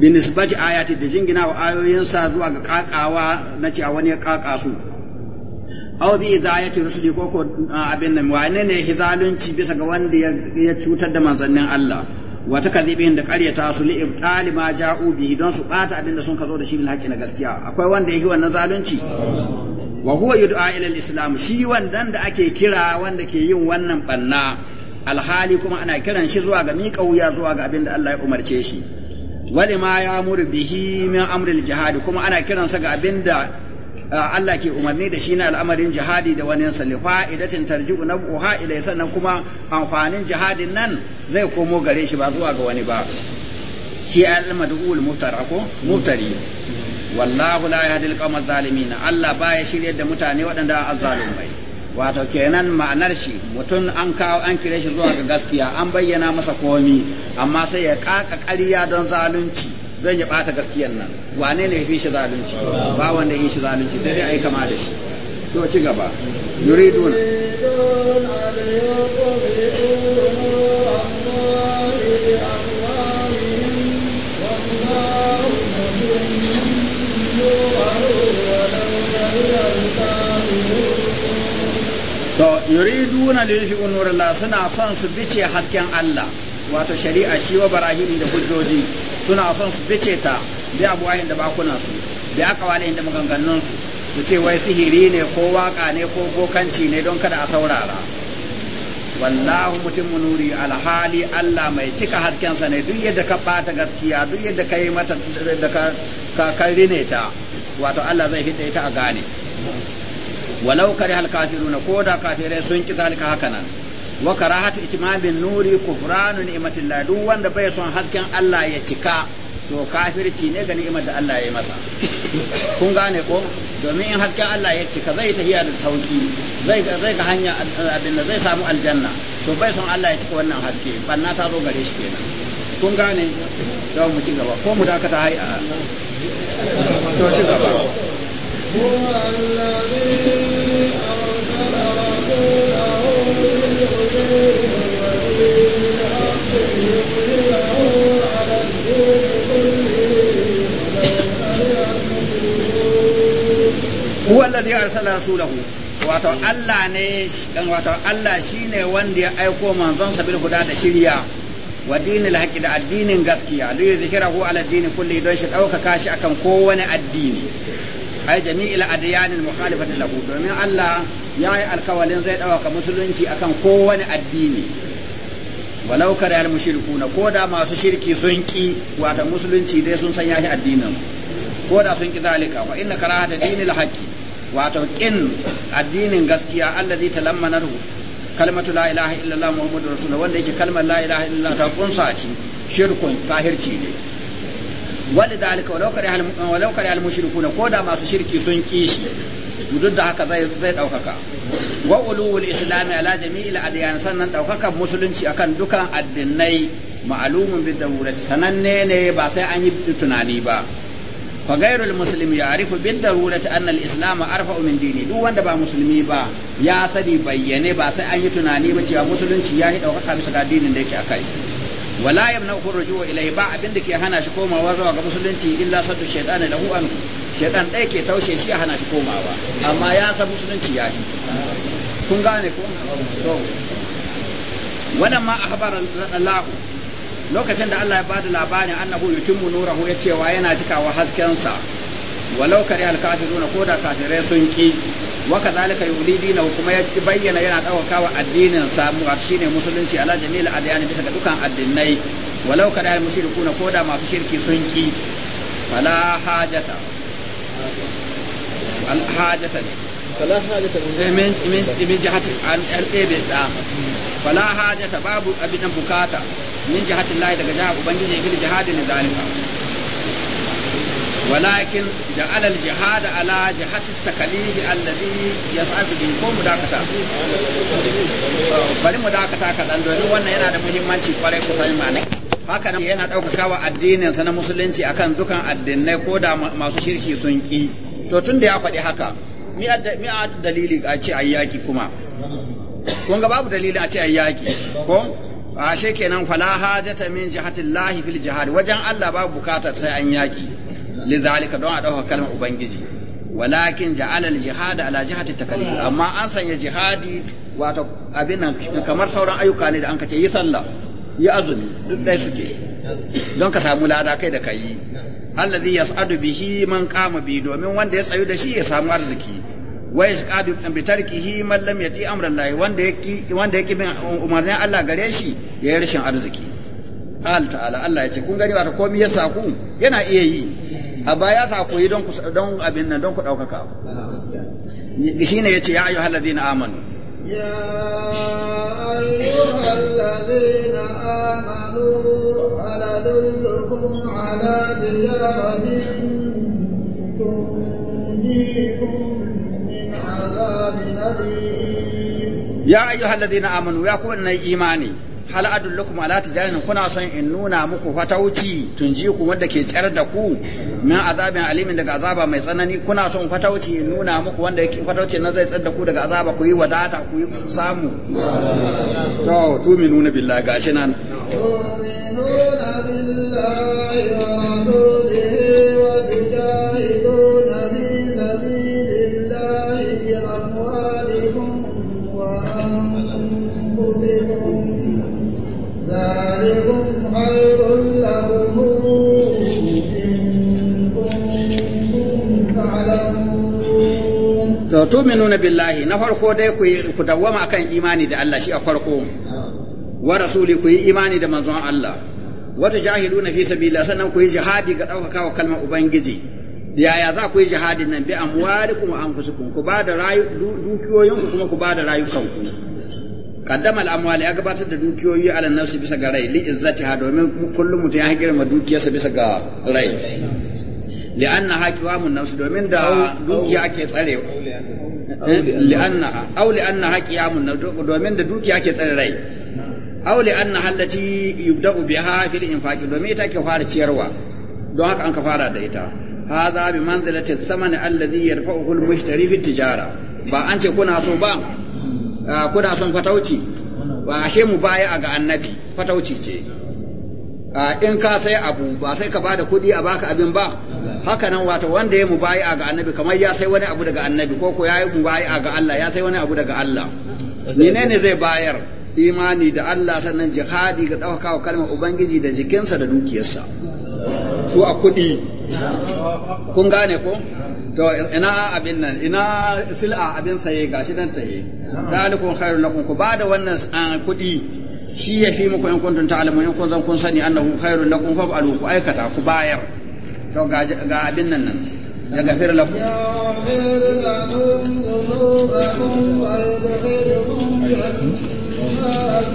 binisbati ayati da jingina wa ayoyinsa zuwa ga kakawa na cewa wani ya kaka su aw bi idayati rusuli ko ko abin nan wane ne hizalunci bisa ga wanda ya cutar da manzannin Allah wa takadhibihin da qaryata su li ibtali ma ja'u bi don su bata abin da sun kazo da shi bil haqqi na gaskiya akwai wanda yake wannan zalunci wa huwa yud'a ila islam shi wandan da ake kira wanda ke yin wannan banna alhali kuma ana kiran shi zuwa ga miƙa wuya zuwa ga abin Allah ya umarce shi wali ma ya amuru bihi min al jihadi kuma ana kiran sa ga abinda Allah ke umarni da shi na al'amarin jihadi da wani salifa idatin tarji'u na buha ilai sannan kuma amfanin jihadin nan zai komo gare shi ba zuwa ga wani ba shi al madhul muftari ko mutari. wallahu la yahdi al-qawma adh-dhalimin Allah baya shirye da mutane waɗanda bai wato kenan ma'anar shi mutum an kawo an kire shi zuwa ga gaskiya an bayyana masa komi amma sai ya kaka ƙarya don zalunci zai ya bata gaskiyar nan wane ne ya fi shi zalunci ba wanda ya fi shi zalunci sai dai ai kama da shi to ci gaba yuridun to yuriduna li yushiqu nurallah suna son su bice hasken Allah wato shari'a shi wa barahimi da hujjoji suna son su bice ta bi abuwahin da bakunan su bi akawalihin da maganganun su su ce wai sihiri ne ko waka ne ko gokanci ne don kada a saurara wallahu mutum nuri alhali Allah mai cika hasken sa ne duk yadda ka bata gaskiya duk yadda ka yi mata da ka rine ta wato Allah zai fidda ita a gane walau kariha al-kafiruna ko da kafirai sun ki zalika haka nan wa karahatu itmamin nuri kufranu ni'matillah duk wanda bai son hasken Allah ya cika to kafirci ne ga ni'imar da Allah ya masa kun gane ko domin in hasken Allah ya cika zai tahiya da sauki zai zai ga hanya abinda zai samu aljanna to bai son Allah ya cika wannan haske banna ta zo gare shi kenan kun gane to mu ci gaba ko mu dakata hai a to ci gaba alladhi arsala rasulahu wato Allah ne wato Allah shine wanda ya aiko manzon sa bil huda da shiriya wa dinil haqqi da addinin gaskiya li yuzhirahu ala dini kulli don shi dauka kashi akan kowane addini ai jami'il adyanil mukhalifati lahu domin Allah ya yi alkawalin zai ɗauka musulunci akan kowane addini walau kada al mushrikuna ko da masu shirki sun ki wata musulunci dai sun san yashi addinin su ko da sun ki zalika wa inna karahata dinil haqqi wato kin addinin gaskiya allazi talammanahu kalmatu la ilaha illallah muhammadur rasulullah wanda yake kalmar la ilaha illallah ta kunsa shi shirkun kahirci ne walidalika walau kada al mushrikuna ko da masu shirki sun ki shi duk da haka zai zai daukaka wa ulul islami ala jami'il adyan sannan daukakan musulunci akan dukan addinai ma'lumun darurati sananne ne ba sai an yi tunani ba fa ghairul muslim ya'rifu bid darurati anna al islam arfa'u min dini duk wanda ba musulmi ba ya sani bayyane ba sai an yi tunani ba cewa musulunci ya yi daukaka bisa ga dinin da yake akai wala yamna'u rujuu ilayhi ba abin da ke hana shi komawa zuwa ga musulunci illa saddu shaytani lahu an shaytan dai ke taushe shi hana shi komawa amma ya san musulunci ya yi kun gane ko wannan ma akhbara Allah lokacin da Allah ya bada labarin annahu yutimmu nurahu ya cewa yana cikawa haskensa walau kare al na ko da kafirai sun ki waka wa yuli dina kuma ya bayyana yana dawakawa addinin sa ne musulunci ala jami'il adiyani bisa ga dukan addinai walau kada al mushrikuna ko da masu shirki sun ki fala hajata al hajata ne fala hajata eh, min min min jihati an al da fala hajata babu abin bukata min jihati Allah daga jihar ubangiji ya gidi jihadin dalika walakin ja'ala al-jihad ala jihati at-takalif alladhi yas'abu bi ko mudakata bari mudakata kadan domin wannan yana da muhimmanci ku sani haka nan yana daukakawa addinin addininsa na musulunci akan dukan addinai ko da masu shirki sun ki to tun da ya faɗi haka mi a dalili a ce ayyaki kuma kun ga babu dalilin a ce ayyaki ko ashe kenan falaha jata min jihatillahi fil jihad wajen Allah babu bukatar sai an yaki lidhalika don a dauka kalmar ubangiji walakin ja'ala al-jihad ala jihati takalif amma an sanya jihadi wato abin nan kamar sauran ayyuka ne da an ce yi sallah yi azumi duk dai suke don ka samu lada kai da kai alladhi yas'adu bihi man qama bi domin wanda ya tsayu da shi ya samu arziki wa yashqa bi tarkihi man lam yati amra Allah wanda yaki wanda yaki bin umarnin Allah gare shi ya yi rashin arziki Allah ta'ala Allah ya ce kun gani wato komai ya saku yana iya yi a baya sa koyi don don abin nan don ku daukaka ne yace ya ayu ladina amanu ya ayyuhal ladina amanu ala dullukum ala tijaratin tunjikum min azabin ya ayu ladina amanu ya ku wannan imani hal adullukum ala tijarin kuna son in nuna muku fatauci tunji ku wanda ke tsar da ku min azabin alimin daga azaba mai tsanani kuna son fatauci in nuna muku wanda yake fatauci na zai tsar da ku daga azaba ku yi wadata ku yi samu to tuminuna billahi gashi nan tuminuna billahi wa rasulihi wato tu'minuna billahi na farko dai ku ku dawwama akan imani da Allah shi a farko wa rasuli ku yi imani da manzon Allah wa tujahiduna fi sabilillah sannan ku yi jihadi ga wa kalmar ubangiji yaya za ku yi jihadi nan bi amwalikum wa anfusikum ku ba da ku kuma ku ba da rayukanku kaddama amwali ya gabatar da dukiyoyi ala nafsi bisa ga rai li ha domin kullum mutum ya girma dukiyarsa bisa ga rai li anna haqiwamun nafsi domin da dukiya ake tsare li'annaha aw li'annaha qiyamun domin da dukiya ke tsare rai aw da ubi ha biha fil infaq domin ita ke fara ciyarwa don haka an ka fara da ita Ha hadha bi sama manzilati thaman alladhi yarfa'uhu al-mushtari fi tijara ba an ce kuna so ba kuna son fatauci ba ashe mu baya ga annabi fatauci ce Ah, in ka sai abu ba sai ka bada kuɗi a baka abin ba haka nan wato wanda ya mubayi'a ga annabi kamar ya sai wani abu daga annabi ko ko ya yi a ga Allah ya sai wani abu daga Allah ne ne zai bayar imani da Allah sannan jihadi ga wa kalmar ubangiji da jikinsa da dukiyarsa su a kuɗi kun gane ko to ina abin nan ina sil'a abin saye gashi nan taye dalikun khairu lakum ku bada wannan ah, kuɗi شيء في مكو إن كنتم تعلمون إن كنتم كن أنه خير لكم فافعلوه كأي كتا كباير تو قا بننا يغفر لكم يغفر لكم ذنوبكم ويدخلكم جنات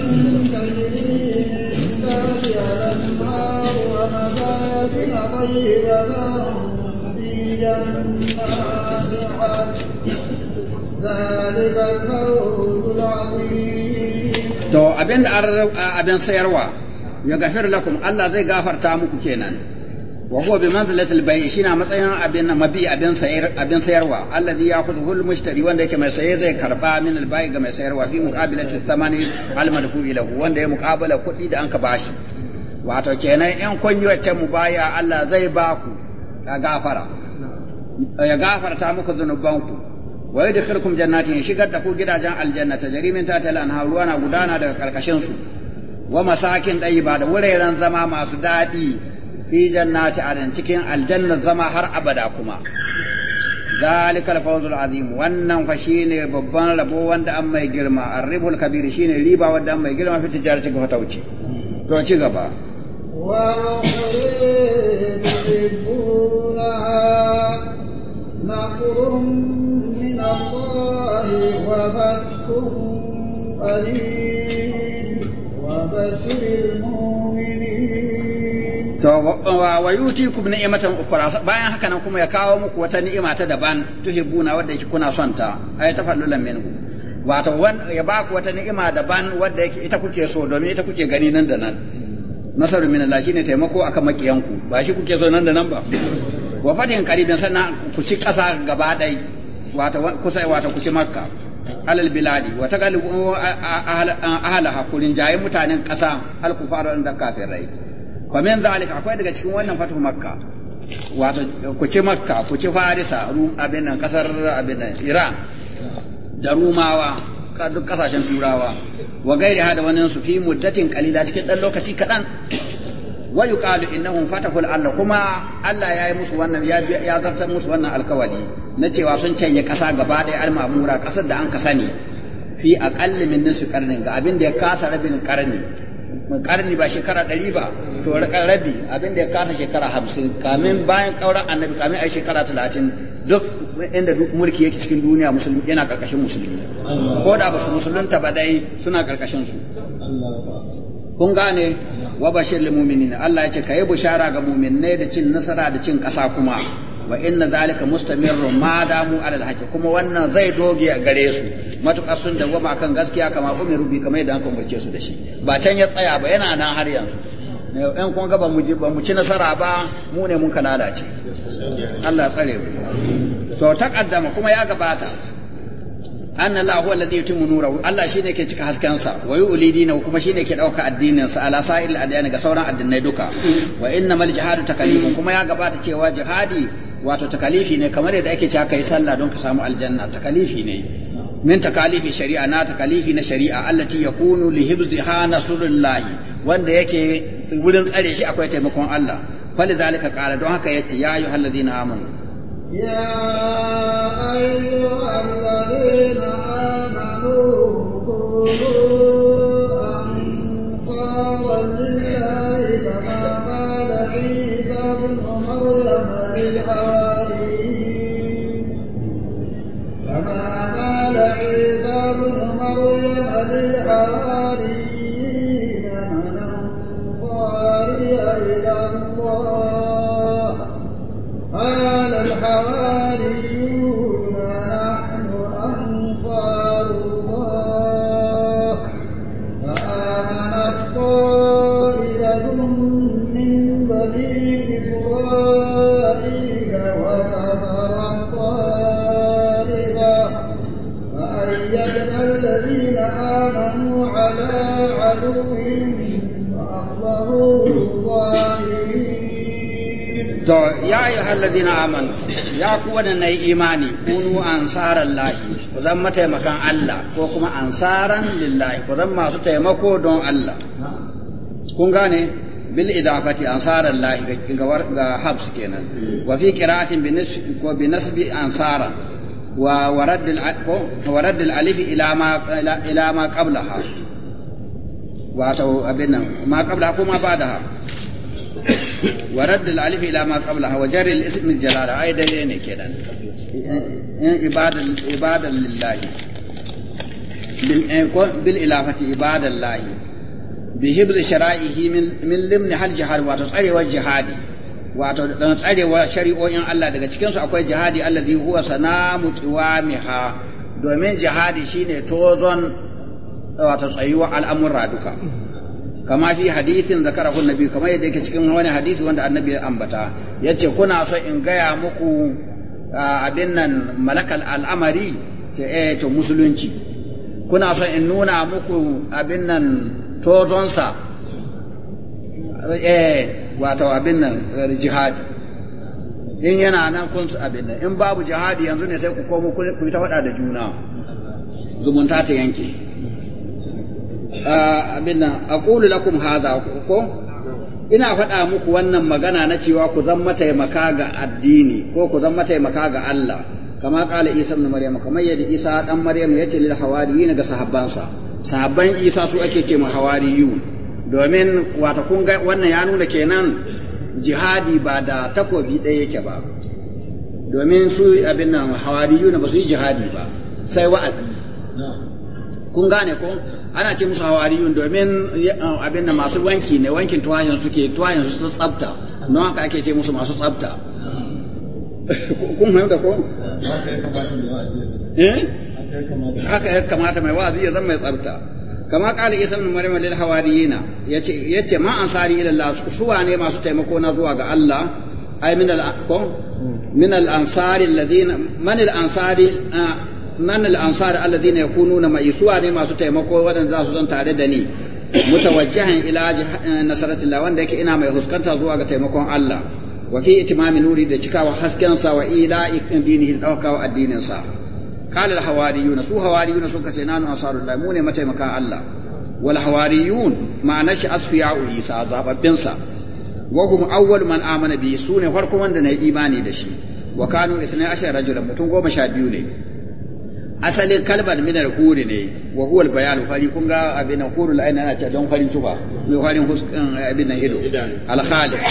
تجري من تحتها الأنهار ومساكن طيبة في جنات ذلك الفوز العظيم to abin da abin sayarwa ya gafir lakum Allah zai gafarta muku kenan wa huwa bi manzilati al-bay' shina matsayin abin mabi abin sayar abin sayarwa alladhi ya'khudhu al-mushtari wanda yake mai saye zai karba min al-bay' ga mai sayarwa fi muqabilati thamani al madfu ilahu wanda ya muqabala kuɗi da anka bashi wato kenan in kun yi wacce mubaya Allah zai ba ku gafara ya gafarta muku zunubanku wa yadkhulukum jannatin shigar da ku gidajen aljanna tajri min tahtiha al ruwa na gudana daga karkashin su wa masakin ba da wuraren zama masu dadi fi jannati adan cikin aljanna zama har abada kuma zalikal fawzul azim wannan fa shine babban rabo wanda an mai girma arribul kabir shine riba wanda an mai girma fi tijarati ga fatauci to ci gaba wa muhribuna الله وفتحه قريب وبشر المؤمنين ويؤتيكم نعمة أخرى bayan haka nan kuma ya kawo muku wata ni'ima ta daban tuhibuna wadda yake kuna son ta ay tafallulan minhu wato ya ba ku wata ni'ima daban wadda yake ita kuke so domin ita kuke gani nan da nan nasaru min Allah shine taimako akan makiyanku ba shi kuke so nan da nan ba wa fatihin qaribin sannan ku ci kasa gaba dai wata kusa wata kuci makka alal biladi wa galibu ahala hakurin jaye mutanen ƙasa al kufar da kafirai fa min zalika akwai daga cikin wannan fatu makka wato kuci makka kuci farisa rum abin nan kasar abin nan iran da rumawa kasashen turawa wa gairi hada wani su fi muddatin kalila cikin ɗan lokaci kaɗan. wa yuqalu innahum fatahul Allah kuma Allah ya yi musu wannan ya zartar musu wannan alkawali na cewa sun canye kasa gaba ɗaya al da an ka sani fi aqalli min nisfi qarnin ga abin da ya kasa rabin qarni qarni shekara ɗari ba rabi abin da ya kasa shekara hamsin kamin bayan annabi kamin ai shekara talatin duk inda duk mulki yake cikin duniya musulmi yana ƙarƙashin musulmi ko da ba su musulunta ba dai suna ƙarƙashin su kun gane wa bashir lil mu'minin Allah ya ce kai bushara ga mu'minai da cin nasara da cin ƙasa kuma wa inna zalika mustamirru ma damu alal haqi kuma wannan zai doge a gare su matukar sun da goma kan gaskiya kama umiru bi kamar yadda an kumurce su da shi ba can ya tsaya ba yana nan har yanzu ɗan kun ga ba mu ci nasara ba mu ne mun ka lalace Allah tsare mu to takaddama kuma ya gabata an Allah huwa alladhi yutimmu nurahu Allah shine ke cika haskensa wa yu'li dinahu kuma shine ke dauka addinin sa ala sa'il adyani ga sauran addinai duka wa innamal jihadu takalifun kuma ya gabata cewa jihadi wato takalifi ne kamar yadda ake cewa kai sallah don ka samu aljanna takalifi ne min takalifi shari'a na takalifi na shari'a allati yakunu li hibziha nasrullahi wanda yake wurin tsare shi akwai taimakon Allah falidhalika qala don haka yace ya ayyuhalladhina amanu يا أيها الذين آمنوا كونوا أنصارا لله كما قال عيسى ابن مريم للحواريين كما قال عيسى ابن مريم للحواريين من أنصاري إلى الله قال الحواريون نحن أنصار الله فآمنت طائفة من بني إسرائيل وكفرت طائفة فأيدنا الذين آمنوا على عدوهم فأصبحوا to ya yi hallazina amanu ya ku waɗanda yi imani kunu ansaran lahi ku zan mataimakan Allah ko kuma ansaran lillahi ku zan masu taimako don Allah kun gane bil idafati ansaran lahi ga habs kenan wa fi ko bi nasbi ansaran wa warad al alif ila ma ila ma qablaha wato abin nan ma qablaha ko ma ba da ha. wa raddul alif ila ma qablaha wa jarri al ism al jalala ai dai ne kenan ibadan ibadan lillahi bil ilafati ibadan lillahi bi hibz shara'ihi min limni hal jihad wato tsarewar jihadi wato dan tsarewa shari'o'in Allah daga cikin su akwai jihadi alladhi huwa domin jihadi shine tozon tsayuwar al'amurra duka kama fi hadithin zakarahu nabi kama yadda yake cikin wani hadisi wanda annabi ya ambata yace kuna so in gaya muku abin nan malakal al'amari ce eh to musulunci kuna so in nuna muku abin nan totonsa eh wato abin nan jihadi in yana nan kun abin nan in babu jihadi yanzu ne sai ku komo ku ta fada da juna zumunta ta yanke abin nan aqulu lakum hadha ko ina faɗa muku wannan magana na cewa ku zan mataimaka ga addini ko ku zan mataimaka ga Allah kama kala Isa ibn Maryam kamar yadda Isa dan Maryam yace lil hawariyin ga sahabbansa sahabban Isa su ake ce mu hawariyu domin wata kun ga wannan ya nuna kenan jihadi ba da takobi ɗaya yake ba domin su abin nan hawariyu na ba su yi jihadi ba sai wa'azi kun gane ko ana ce musu hawariyun domin uh, abin da masu wanki ne wankin tuwahin suke tuwahin su tsafta. don haka ake ce musu masu tsabta kun fahimta ko eh haka ya kamata mai wa'azi ya zama mai tsabta kama kala isa ibn maryam lil hawariyina yace yace ma ansari ila Allah su wane masu taimako na zuwa ga Allah ai min al ko min al ansari alladhina man al ansari uh, man al ya kunu na mai suwa ne masu taimako waɗanda za su zan tare da ni mutawajjihan ila nasaratillah wanda yake ina mai huskanta zuwa ga taimakon Allah wa fi itimami nuri da cikawa hasken sa wa ila dinihi dawkawa addinin sa qala al-hawariyun su hawariyun suka ce nanu ansarullah mu ne mataimakan Allah wal hawariyun ma'ana shi u isa zababbin sa wa hum awwal man amana bi su ne farkon wanda na imani da shi wa kanu 12 rajulan mutum goma sha biyu ne asalin kalmar minar huri ne wa huwal bayan fari kun ga abinan huri ain ana cewa don farin tufa mai farin huskan eh, abin ido alhalis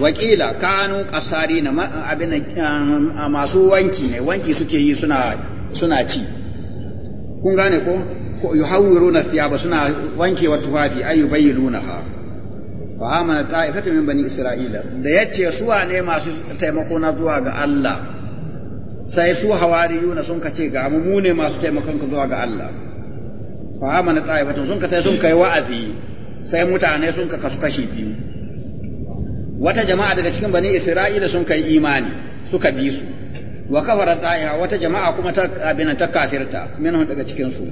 wakila kanu qasari na abinan eh, masu wanki ne wanki suke yi suna suna ci kun gane ko yuhawwiruna ba suna wanke wa tufafi ay ha fa amana ta'ifatu min bani isra'ila da yace suwa ne masu taimako na zuwa ga Allah sai su hawariyuna sun ka ce ga mu mu ne masu taimakon ku zuwa ga Allah fa amana ta'ifatun sun ka tai sun kai wa'azi sai mutane sun ka kasu kashi biyu wata jama'a daga cikin bani Isra'ila sun kai imani suka bi su wa kafara ta'iha wata jama'a kuma ta abin ta kafirta minhum daga cikin su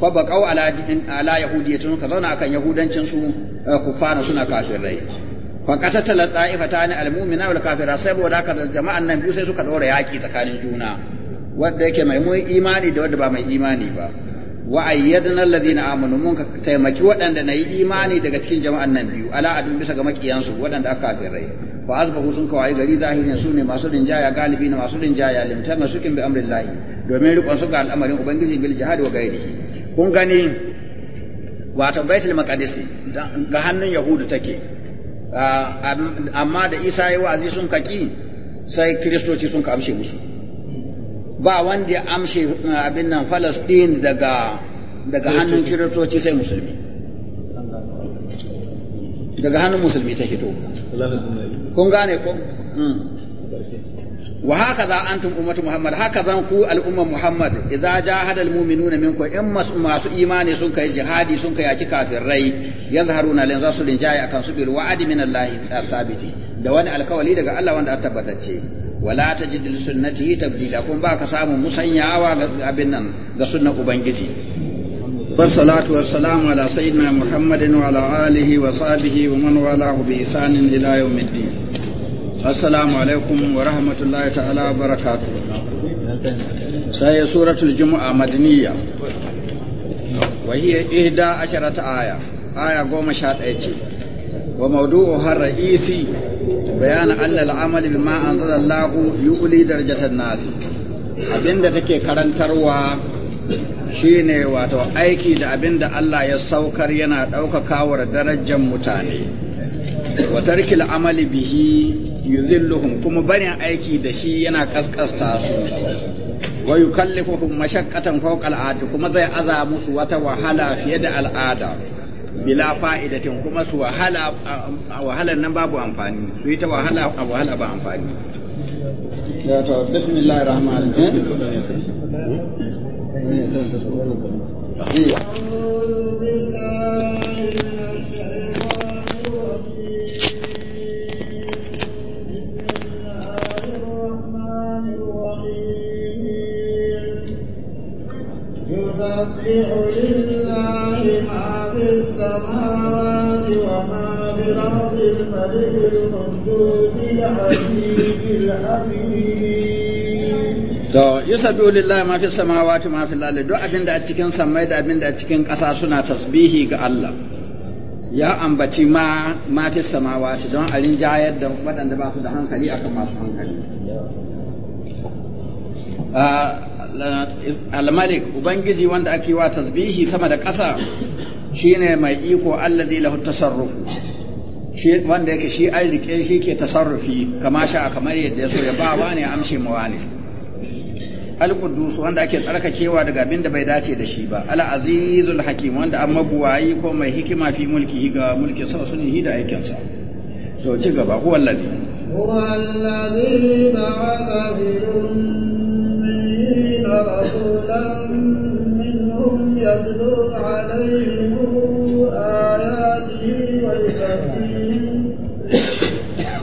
fa baqau ala ala yahudiyatun ka zauna akan yahudancin su eh, kufana suna kafirai fa qatatala ta'ifatan almu'mina wal kafira saboda haka jama'an nan biyu sai suka dora yaki tsakanin juna wanda yake mai mu imani da wanda ba mai imani ba wa ayyadna alladhina amanu mun ka taimaki waɗanda na yi imani daga cikin jama'an nan biyu ala adun bisa ga makiyansu waɗanda aka kafirai fa azbahu sun kawai gari zahirin su ne masu rinjaya galibi na masu rinjaya limtana sukin bi amrillahi domin rikon su ga al'amarin ubangiji bil jihad wa gairihi kun gani wato baitul maqdis ga hannun yahudu take Ah, amma da isa ya wa'azi sun kaki sai kiristoci sun ka amshe musu ba wanda ya amshe ah, abin nan falastin daga daga hannun kiristoci sai musulmi daga hannun musulmi ta hito kun gane ko hmm. wa haka za an tun ummatu muhammad haka zan ku al'ummar muhammad idza jahada min minkum in masu imani sun kai jihadi sun kai yaki kafirai yazharuna lan zasu linjaye kan su bil wa'adi min allah thabiti da wani alkawali daga allah wanda an tabbatacce wala tajid li sunnatihi tabdila kun ba ka samu musanyawa ga abin nan ga sunnar ubangiji والصلاة والسلام على سيدنا محمد وعلى آله وصحبه ومن والاه بإحسان إلى يوم الدين assalamu alaikum wa rahmatullahi ta'ala wa barakatu sai suratul juma'a madaniya wa hiya ihda asharata aya aya goma sha ɗaya ce wa mawdu'u har ra'isi bayan anna al'amal bima anzala Allah yu'li darajatan nas abinda take karantarwa shine wato aiki da abinda Allah ya saukar yana ɗaukaka wa darajar mutane wa tarkil amali bihi yuzilluhum kuma barin aiki da shi yana kaskasta su wa yukallifuhum mashaqqatan fawqa al'ada kuma zai aza musu wata wahala fiye da al'ada bila fa'idatin kuma su wahala wahalan nan babu amfani su yi ta wahala a wahala ba amfani to bismillahir rahmanir rahim يسبح لله ما في السماوات وما في الأرض الملك القدوس العزيز الحميد To, yusabbihu lillahi ma fi samawati ma fi lalli duk abin da a cikin samai da abin da a cikin ƙasa suna tasbihi ga Allah. Ya ambaci ma ma fi samawati don alin jayar da waɗanda ba su da hankali akan masu hankali. Ah, al-malik ubangiji wanda ake wa tasbihi sama da ƙasa shine mai iko alladhi lahu tasarrufu shi wanda yake shi ai rike shi ke tasarrufi kama sha kamar yadda yaso ya ba wa ne amshe mawa ne al-quddus wanda ake tsarkakewa daga abin da bai dace da shi ba al-azizul hakim wanda an mabuwayi ko mai hikima fi mulki ga mulkin sa sunni da aikinsa to ci gaba ko huwallazi ba'atha رسولا منهم يتلو عليهم آياته ويزكيهم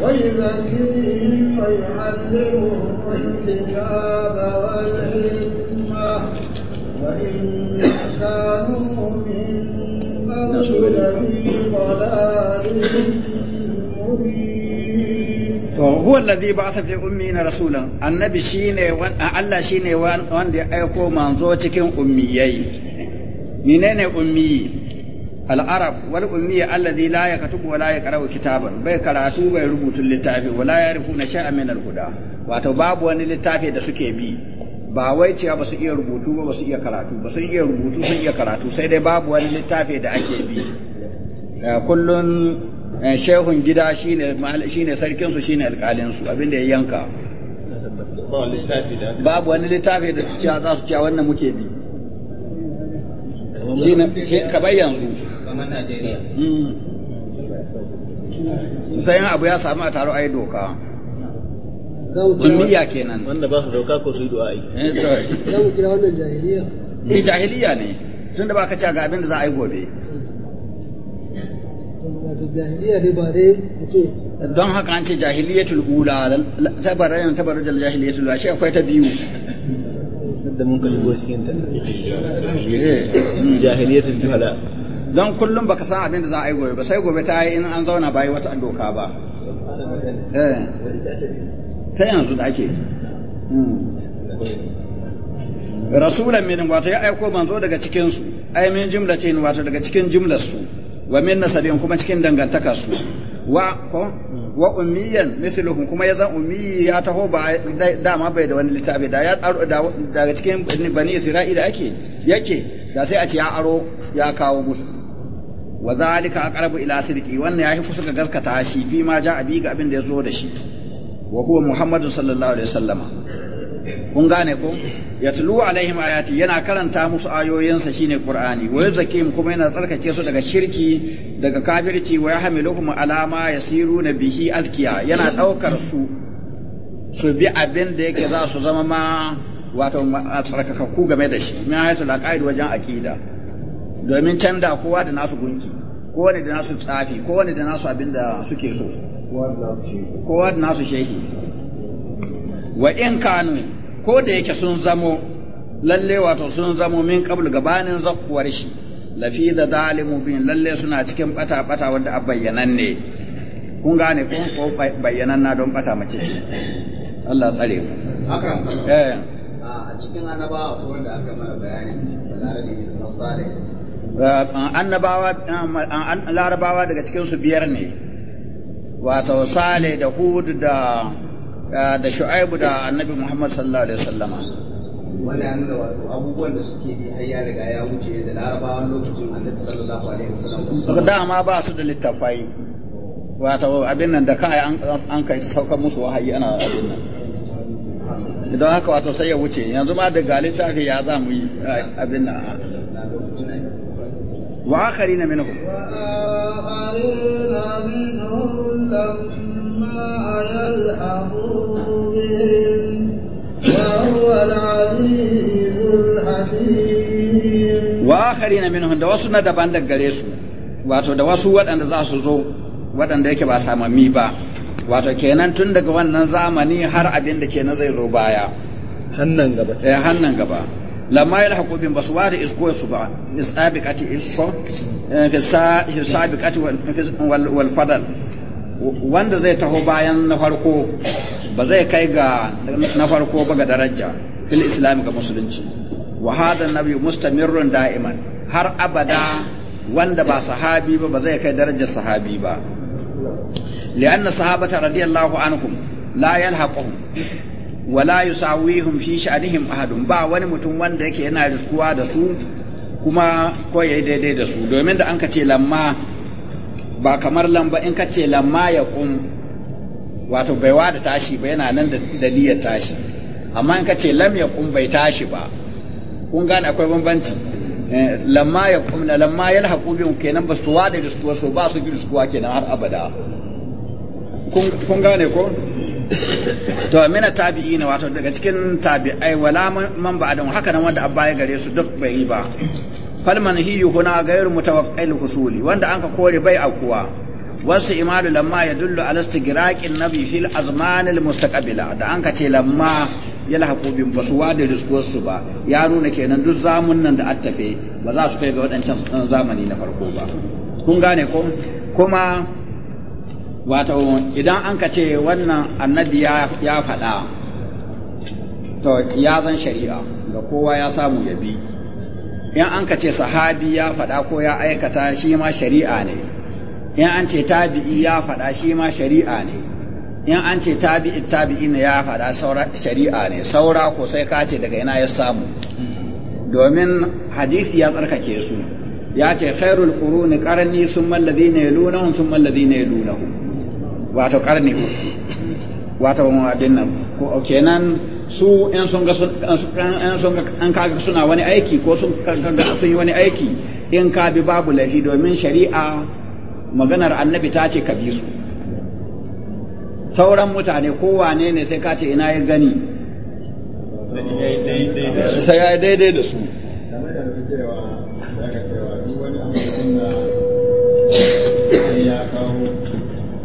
ويزكيهم ويعلمهم الكتاب والحكمة وإن كانوا من قبل لفي ضلال huwa alladhi ba'atha fi ummiyina rasulan annabi shine Allah shine wanda ya aiko manzo cikin ummiyai menene ummi al-arab wal ummi alladhi la yaktubu wa la yaqra'u kitaban bai karatu bai rubutu littafi wa la yarifuna shay'an min al-huda wato babu wani littafi da suke bi ba wai cewa ba su iya rubutu ba ba su iya karatu ba sun iya rubutu sun iya karatu sai dai babu wani littafi da ake bi eh, kullun Eh, shehun gida shine sarkinsu shine alkalinsu abinda ya yanka babu wani littafi da cewa za su cewa wannan muke bi kamar yanzu hmm. sayan abu ya samu a taro ai doka ummiya kenan wanda ba su doka ko su yi doa yi eh, eh, jahiliya ne tun da ba ka ce ga abin da za a yi gobe jahiliya ba don haka an ce jahiliyatul ula tabarar da jahiliyatul ula shi akwai ta biyu da mun kan shigo cikin ta eh. jahiliyatul juhala don kullum baka san abin da za a yi gobe ba sai gobe ta yi in an zauna ba yi wata doka ba eh. ta yanzu da ake hmm. rasulan min wato ya aiko manzo daga cikinsu ai min jumlatin wato daga cikin jumlar su wa min nasabin kuma cikin dangantaka su wa ko wa ummiyan misluhum kuma ya zan ummi ya taho ba dama bai da wani littafi da ya aro cikin bani isra'ila ake yake da sai a ce ya aro ya kawo musu wa zalika aqrabu ila sidqi wannan yafi kusa ga gaskata shi fi ma ja abi ga abin da ya zo da shi wa huwa muhammadu sallallahu alaihi wasallama kun gane ko tulu alaihim ayati yana karanta musu ayoyinsa shine qur'ani wa yuzakihim kuma yana tsarkake su daga shirki daga kafirci wa yahmiluhum alama yasiruna bihi azkiya yana daukar su su bi abin da yake za su zama ma wato tsarkakakku game da shi min hayatul aqaid wajen aqida domin canda kowa da nasu gunki kowa da nasu tsafi kowa da nasu abin da suke so kowa da nasu shehi wa in kanu ko da yake sun zamo lalle wato sun zamo min kabul gabanin zakkuwar shi lafi da zalimu bin lalle suna cikin bata bata wanda a bayyananne kun gane ko ko bayyanan na don bata mace ce Allah tsare mu haka eh a cikin annabawa ko wanda aka mara bayani balarabi da eh, eh, eh, an annabawa larabawa daga cikin su biyar ne wato sale da hud da da shu'aibu da annabi muhammad sallallahu alaihi wasallam wanda an da wato abubuwan da suke bi har ya riga ya wuce da larabawan lokacin annabi sallallahu alaihi wasallam dama ba su da littafai wato abin nan da ai an kai saukar musu wahayi ana abin nan idan haka wato sai ya wuce yanzu ma da ga ya za mu yi abin nan wa akharina minhum wa akharina na minhum da wasu na daban da gare su wato da wasu waɗanda za su zo waɗanda yake ba samami ba wato kenan tun daga wannan zamani har abin da kenan zai zo baya hannan gaba eh hannan gaba lamma yal haqubin basu wada isko su ba isabiqati isko fi sabiqati wal fadal wanda zai taho bayan na farko ba zai kai ga na farko ba ga daraja fil islam ga musulunci wa hada nabi mustamirrun da'iman har abada wanda ba sahabi ba ba zai kai darajar sahabi ba li'anna sahabata radiyallahu anhum la yalhaquhum wa la yusawihum fi sha'nihim ahadun ba wani mutum wanda yake yana riskuwa da su kuma ko yayi daidai da su domin da an ka ce lamma ba kamar lamba in ka ce lamma ya kun wato baiwa da tashi ba yana nan da niyyar tashi amma in ka ce lam ya kun bai tashi ba kun gane akwai bambanci eh, lamma ya kun lamma ya haƙu bin kenan ba su wada riskuwa so ba su riskuwa kenan har abada kun gane ko to mina tabi'ina wato daga cikin tabi'ai wala man adam haka nan wanda abba ya gare su duk bai yi ba falman manhiyu huna ta mutawaqqil husuli wanda anka kore bai akuwa wasu imalu lamma ya dullu ala istigraqin nabi fil azman mustaqbila da anka ce lamma ya lahaqu bin basu wada da ba ya nuna kenan duk zamun nan da attafe ba za su kai ga waɗancan eh, zamani na farko ba kun gane ko kuma wato idan an ka ce wannan annabi ya faɗa to ya zan shari'a ga kowa ya samu ya bi in an ka ce sahabi ya faɗa ko ya aikata shi ma shari'a ne in an ce tabi'i ya faɗa shi ma shari'a ne in an ce tabi'i tabi'i ne ya faɗa shari'a ne saura ko sai ka ce daga ina ya samu domin hadisi ya tsarkake su ya ce khairul quruni qarni summa alladhina yalunahum summa alladhina yalunahum wato qarni wato abin nan ko kenan su in sun suna wani aiki ko sun yi wani aiki in ka bi babu laifi domin shari'a maganar annabi ta ce ka bi su sauran mutane kowane ne sai ka ce ina ya gani sai ya daidai da su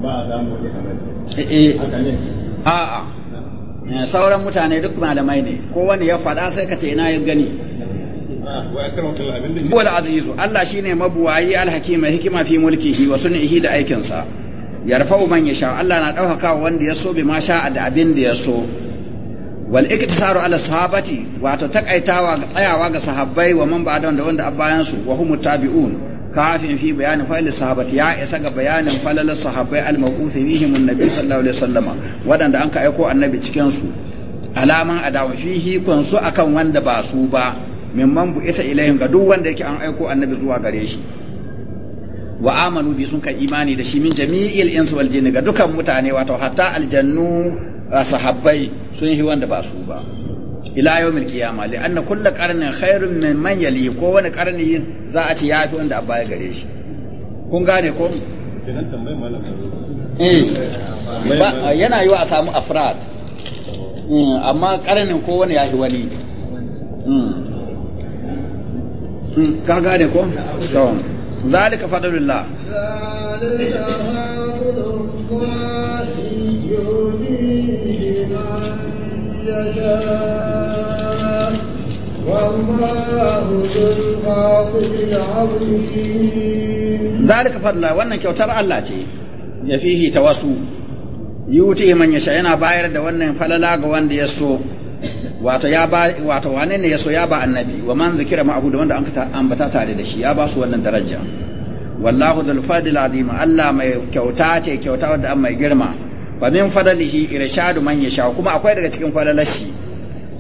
ba a samu Eh, sauran mutane duk malamai ne ko wani ya faɗa sai ka ce ina ya gani ah, da azizu Allah shine mabuwayi alhakima hikima fi mulkihi wa sun'ihi da aikinsa yarfa'u man yasha Allah na ɗaukaka wanda ya so bi ma sha da abin da ya so wal iktisaru ala sahabati wato takaitawa tsayawa ga sahabbai wa man ba'da wanda wanda bayan su wa humu tabi'un kafin fi bayanin fa'il sahabat ya isa ga bayanin falalar sahabbai al-mawqufi bihim annabi sallallahu alaihi wasallama wadanda an ka aiko annabi cikin su alaman adawa fihi kun su akan wanda ba su ba mimman bu isa ilaihim ga duk wanda yake an aiko annabi zuwa gare shi wa amanu bi sun kai imani da shi min jami'il insu wal jinni ga dukkan mutane wato hatta aljannu sahabbai sun yi wanda ba su ba ila yawmil qiyama li anna kull karnin khairun min man yali ko wani qarni za a ci yafi wanda a baya gare shi kun gane ko eh yana yiwa a samu afrad hmm, amma karnin ko wani ya fi wani hmm. Hmm, ka gane ko to zalika fadlullah zalika يشاء ذلك فضل wannan kyautar Allah ce ya fihi tawassu yuti man yasha yana bayar da wannan falala ga wanda ya so wato ya ba wato wane ne ya so ya ba annabi wa man zikira ma'ahu da wanda an ka ambata tare da shi ya ba su wannan daraja wallahu dhul fadil azim Allah mai kyauta ce kyauta wadda an mai girma fa min fadlihi irshadu man yasha kuma akwai daga cikin falalashi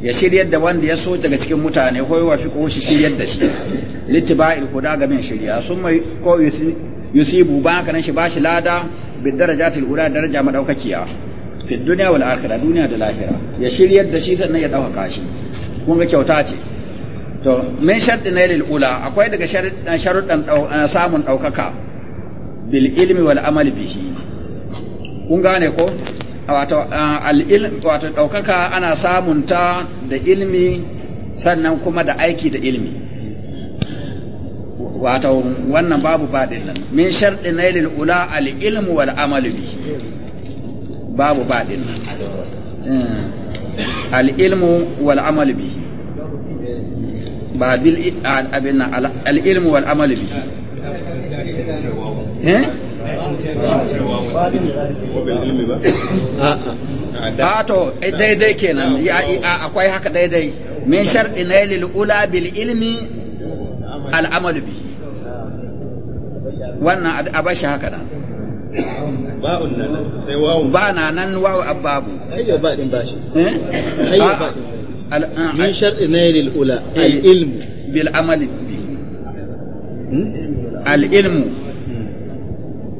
ya shiryar da wanda ya so daga cikin mutane ko ya ko shi shiryar da shi littiba'il huda ga min shirya sun mai ko yusibu ba ka nan shi bashi lada bid darajatil ula daraja madaukakiya fi Duniya wal akhirah duniya da lahira ya shiryar da shi sannan ya dauka shi kun ga kyauta ce to min sharti na lil ula akwai daga sharuɗan eh, samun ɗaukaka bil ilmi wal amal bihi kun gane ko wato al'ilm wato ɗaukaka ana samun ta da ilmi sannan kuma da aiki da ilmi wato wannan babu baɗin nan min sharɗi na yi ula al'ilm wal amalu bi babu baɗin nan eh. al'ilmu wal amalu bi ba bil abin al'ilmu wal amalu bi eh a to eh, daidai kenan akwai haka daidai min sharɗi na lil ula bil ilmi al'amal bi wannan a bashi haka nan ba na nan wawu ababu ayyo ba din bashi ayyo ba din eh? ah, min sharɗi na lil ula eh. al bil amal bi hmm? al ilmu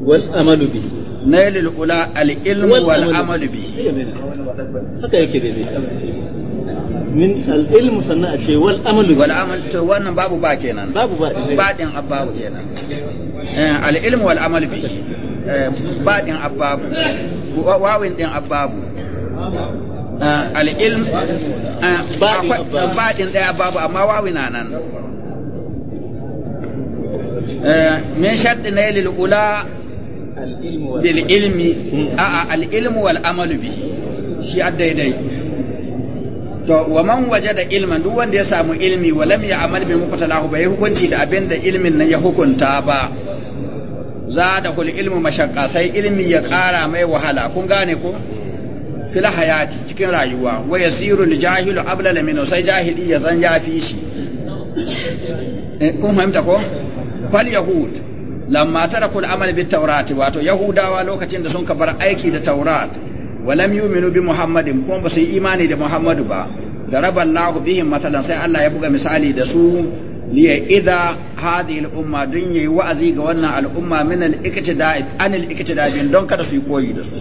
wal به نيل nailul العلم والعمل به wal amalu bihi haka yake daidai min al والعمل sannan a wal wal wannan babu ba kenan babu ba badin abbabu kenan eh, al ilmu wal amalu bihi eh, badin abbabu wawin din abbabu al ilm badin amma nan eh, min nailul ula bil ilmi a'a al'ilmu ilmu wal amalu bihi daidai to wa man da ilman duk wanda ya samu ilmi wa lam ya'mal bi muqtalahu bai hukunci da abin da ilmin nan ya hukunta ba za da hul ilmu mashaqqa sai ilmi ya ƙara mai wahala kun gane ko fil hayati cikin rayuwa wa yasiru al jahilu ablal min sai jahili ya zan fi shi eh, kun fahimta ko fal yahud lamma tarakul amal bit tawrat wato yahudawa lokacin da sun bar aiki da taurat lam yu'minu bi muhammadin kuma ba su yi imani da muhammadu ba da raba Allahu bihim matalan sai Allah ya buga misali da su li idza hadhihi al umma dun wa'azi ga wannan al umma min al iktida'i an al iktida'i don kada su yi koyi da su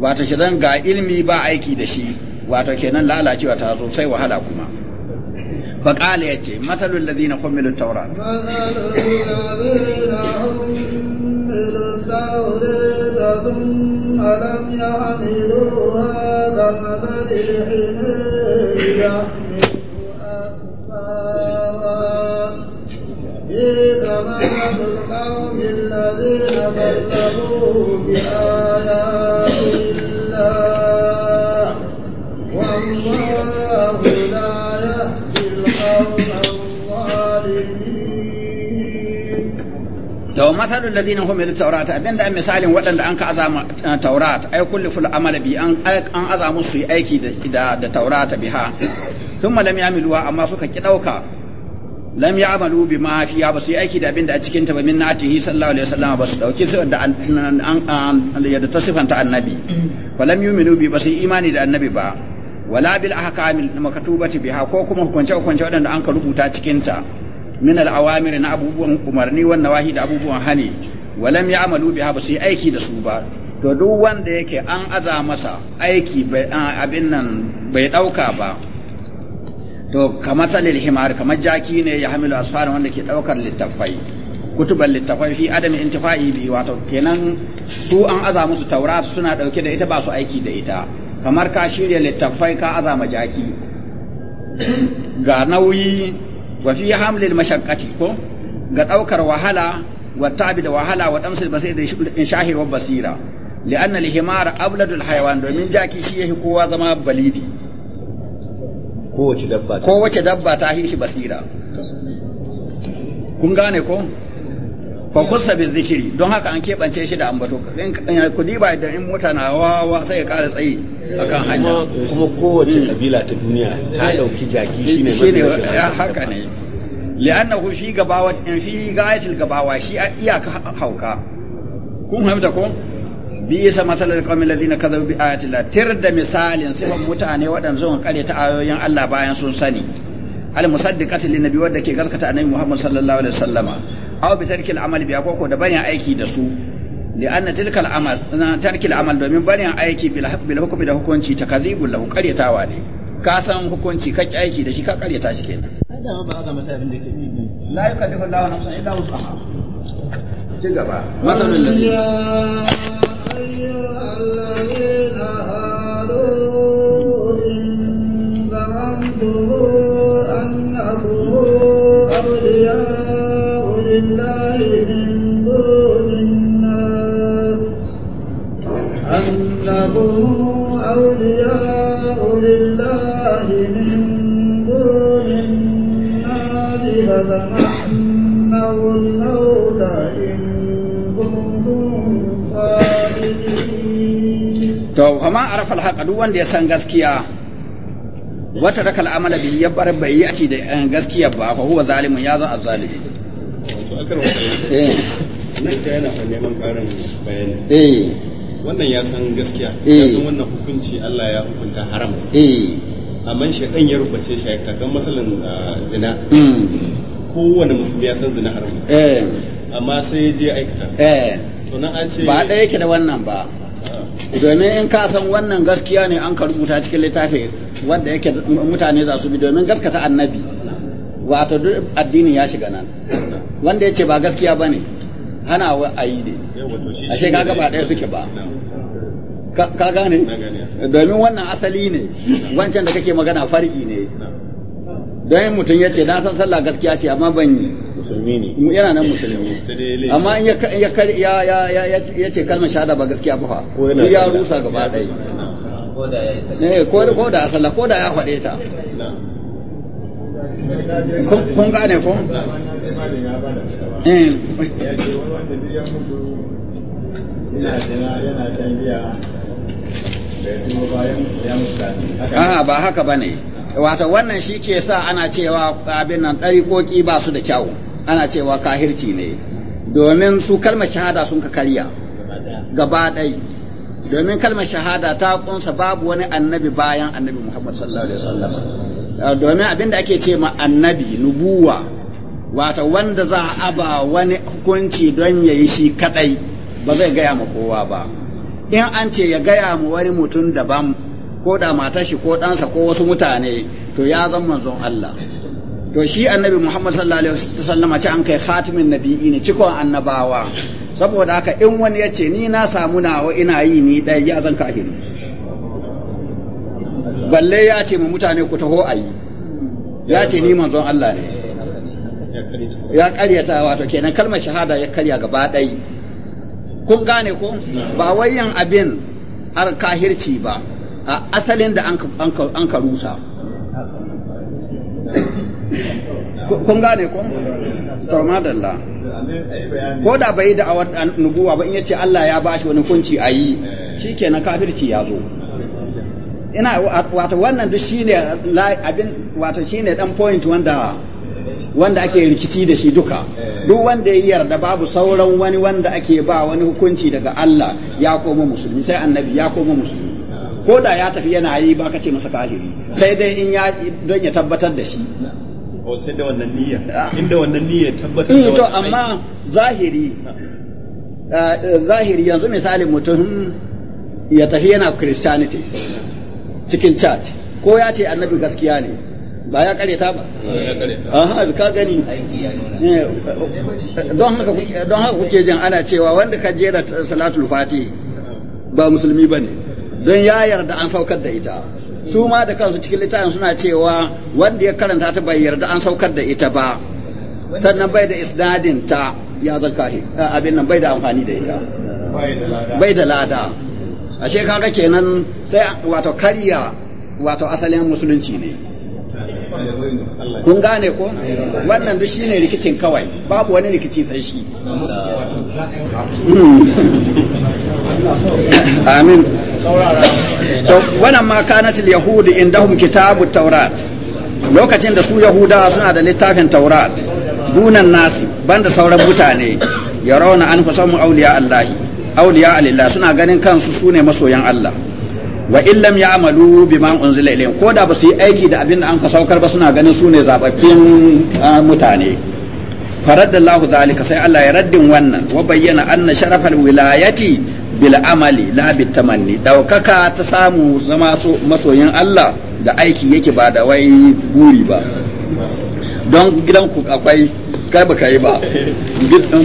wato shi zan ga ilmi ba aiki da shi wato kenan lalacewa ta zo sai wahala kuma فقال يجي مثل الذين حملوا التوراة ثم لم يحملوا هذا الذي حمل مثل الذين هم يدرسون التوراة أبين ده مثال وطن أنك أزام توراة أي كل فل عمل an azamu su yi aiki da إذا التوراة بها ثم لم يعملوها أما سوك كدوكا lam ya amalu bi ma fi ba su yi aiki da abin da a cikin ta ba min natihi sallallahu alaihi wasallam ba su dauke su da yadda ta sifanta annabi mm. wa lam yu'minu bi ba su yi imani da annabi ba wala bil ahkamil makatubati biha ko kuma hukunce hukunce wadanda an ka rubuta cikin ta min al na abubuwan umarni wan nawahi da abubuwan hani walam ya'malu biha ba su yi aiki da su ba to duk wanda yake an aza masa aiki abin nan bai dauka ba to kamar salil himar kamar jaki ne ya hamilu asfar wanda ke daukar littafai kutuban littafai fi adam intifa'i bi wato kenan su an aza musu taurat suna dauke da ita ba su aiki da ita kamar ka shirya littafai ka aza ma jaki ga nauyi wa fi hamlil mashaqqati ko ga daukar wahala wa tabi da wahala wa damsul basir da inshahi wa basira li'anna al-himar abladul hayawan domin jaki shi yake kowa zama balidi kowace dabba kowace dabba ta hishi basira kun gane ko fa kusa bi zikiri don haka an keɓance shi da ambato ku diba da in mota na wawa sai ya ƙara tsayi akan hanya kuma kowace hmm. kabila ta duniya ta eh. ɗauki jaki shine ne haka ne li'annahu fi gabawa in fi gayatul gabawa shi iyaka hauka kun fahimta ko bisa masalar kawai ladina kaza bi ayatila Tir da misalin sifan mutane waɗanda zuwa kare ta ayoyin Allah bayan sun sani al musaddiqati lin nabi wadda ke gaskata annabi Muhammad sallallahu alaihi wasallama aw bi tarkil amal biya koko ko da bayan aiki da su li anna tilkal amal na tarkil amal domin bayan aiki bil bil hukmi da hukunci takadhibul lahu qaryatawa ne ka san hukunci ka ki aiki da shi ka qaryata shi kenan la yukallifu Allahu nafsan illa wus'aha ci gaba masalul ladhi الذين هادوا إن ظلمتم To الموت إن كنتم صادقين تو فما عرف الحق دو وند wata da kal'amala bihi ya bar bai yi aki da eh, gaskiya ba fa huwa zalimin ya zan azzalimi to akar eh nan da yana neman karin bayani eh wannan ya san gaskiya ya eh. san wannan hukunci Allah ya hukunta haram eh amma shi kan ya rubace shi kan masalan ah, zina hmm. kowane musulmi ya san zina haram eh. amma sai ya je aikata eh to nan an ce ba da yake da wannan ba domin in ka san wannan gaskiya ne an ka rubuta cikin littafi wanda yake mutane za su bi domin gaskata annabi wato duk addini ya shiga nan wanda ya ce ba gaskiya ba ne hana wa ayi ne. A shi kaga ba ɗaya suke ba ka gane domin wannan asali ne wancan da kake magana far'i ne don mutum ya ce na san sallah gaskiya ce amma ban yi musulmi ne yana nan musulmi amma in ya ya ya ce kalmar shahada ba gaskiya ba fa ya rusa gaba ɗaya ne ko da ya eh, sallah ko da ya faɗe ta kun gane ko ba haka ba ne wato wannan shi ke sa ana cewa abin nan ɗariƙoƙi ba su da kyau ana cewa kahirci ne domin su kalmar shahada sun ka karya gaba ɗai domin kalmar shahada ta kunsa babu wani annabi bayan annabi muhammad sallallahu alaihi wasallam uh, domin abin da ake ce ma annabi nubuwa wato wanda za a aba wani hukunci don ya yi shi kaɗai ba zai gaya ma kowa ba in an ce ya gaya ma wani mutum daban ko da matar shi ko ɗansa ko wasu mutane to ya zama manzon Allah to shi annabi Muhammad sallallahu alaihi wasallam ce an kai khatimin nabi'i ne cikon annabawa saboda haka in wani ya ce ni na samu nawa ina yi ni dai ya zan kafiri balle ya ce mu mutane ku taho ayi ya ce ni manzon Allah ne ya karyata wato kenan kalmar shahada ya karya gaba ɗai kun gane ko ba wayan abin har kahirci ba a asalin da an ka rusa kun gane ko to ko da bai da awar nuguwa ba in yace Allah ya bashi wani kunci ayi shikenan kafirci ya zo ina wata wannan duk ne abin wata shi ne dan point wanda wanda ake rikici da shi duka duk wanda ya yarda babu sauran wani wanda ake ba wani hukunci daga Allah ya koma musulmi sai annabi ya koma musulmi ko da ya tafi yana yi ba ka ce masa kafiri sai dai in ya don ya tabbatar da shi sai da wannan niyya ah. inda wannan niyya tabbatar da eh, to amma zahiri ah, eh, zahiri yanzu misali mutum ya tafi yana christianity cikin church ko ya ce annabi gaskiya ne ba ya kareta ba aha ka gani eh, don haka kuke jin ana cewa wanda ka jera salatul fati ba musulmi ba ne don ya yarda an saukar da ita su ma da kansu cikin littafin suna cewa wanda ya karanta ta bai yarda an saukar da ita ba sannan bai da isnadin ta ya abin nan bai da amfani da ita bai da lada a shekara kenan sai wato karya wato asalin musulunci ne kun gane ko wannan duk shine rikicin kawai babu wani rikici sai shi hmm. amin wannan ma kanat al indahum kitabut taurat lokacin da su yahudawa suna da littafin taurat dunan nasi banda sauran mutane ya rauna an mu auliya Allah auliya alillah suna ganin kansu sune masoyan Allah wa illam ya'malu bima unzila ilayhim ko da ba su yi aiki da abin da an ka ba suna ganin sune zababbin ah, mutane faradallahu zalika sai Allah ya raddin wannan wa bayyana anna sharafal wilayati bil amali la bi tamanni daukaka ta samu zama masoyin Allah da aiki yake ba da wai guri ba don gidanku akwai kai ba kai ba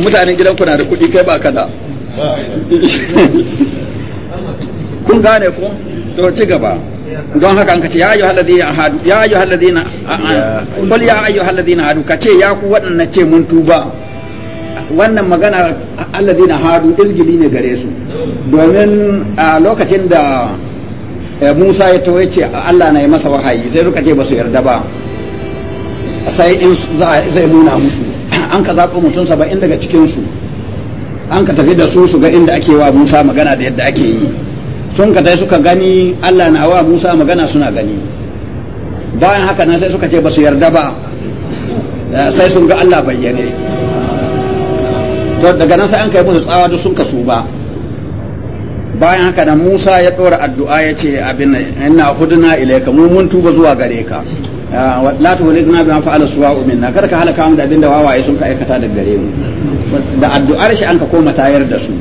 mutanen gidanku na da kuɗi kai ba kada kun gane ko to ci gaba don haka an kace ya ayyuhal ladina hadu ya ayyuhal ladina qul ya ayyuhal ladina hadu kace ya ku wadannan ce mun tuba wannan magana alladina hadu izgili ne gare su domin a lokacin da e, Musa ya tawo ce Allah na yi masa wahayi sai suka ce ba su yarda ba sai in zai nuna musu an ka zaɓi mutum saba'in daga cikinsu an ka tafi da su su ga inda ake wa Musa magana da yadda ake yi sun ka tai suka gani Allah na wa Musa magana suna gani bayan haka nan sai suka ce ba su yarda ba e, sai sun ga Allah bayyane to daga nan sai an kai musu tsawa duk sun kasu ba bayan haka nan Musa ya ɗora addu'a ya ce abin ina huduna ilayka mu mun tuba zuwa gare ka la tuhulikna bima fa'ala suwa minna kada ka halaka mu da abin da wawaye sun ka aikata daga gare mu da addu'ar shi an ka koma tayar da su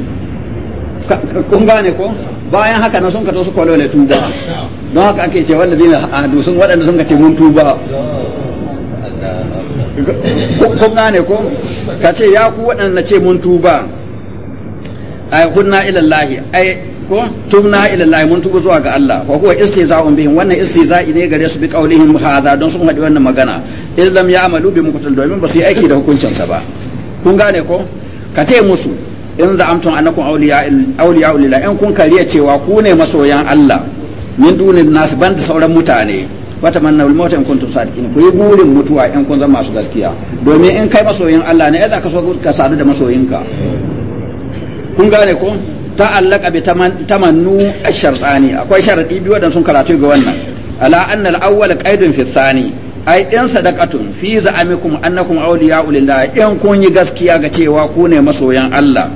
kun gane ko bayan haka nan sun ka to su kwalo da tuba don haka ake ce wallazina ahadu sun waɗanda sun ka ce mun tuba kun gane ko ka ce ya ku waɗanda ce mun tuba ai hunna ila Allah ai ko tumna ila mun tuba zuwa ga Allah wa huwa istihza'un bihim wannan a ne gare su bi qaulihim hadha don sun hadi wannan magana in lam ya'malu bi muqtal domin ba su yi aiki da hukuncin sa ba kun gane ko ka ce musu in za'amtum annakum awliya awliya lillah in kun kariya cewa ku ne masoyan Allah min dunin nas da sauran mutane wata manna wal mauta in kuntum sadiqin ku yi burin mutuwa in kun zama masu gaskiya domin in kai masoyin Allah ne za ka so ka sadu da masoyinka kun gane ko ta'allaka bi tamannu ash-shartani akwai sharadi biyu wadan sun karatu ga wannan ala anna al-awwal qaidun fi thani ai in sadaqatun fi za'amikum annakum awliya'u lillah in kun yi gaskiya ga cewa ku ne masoyan Allah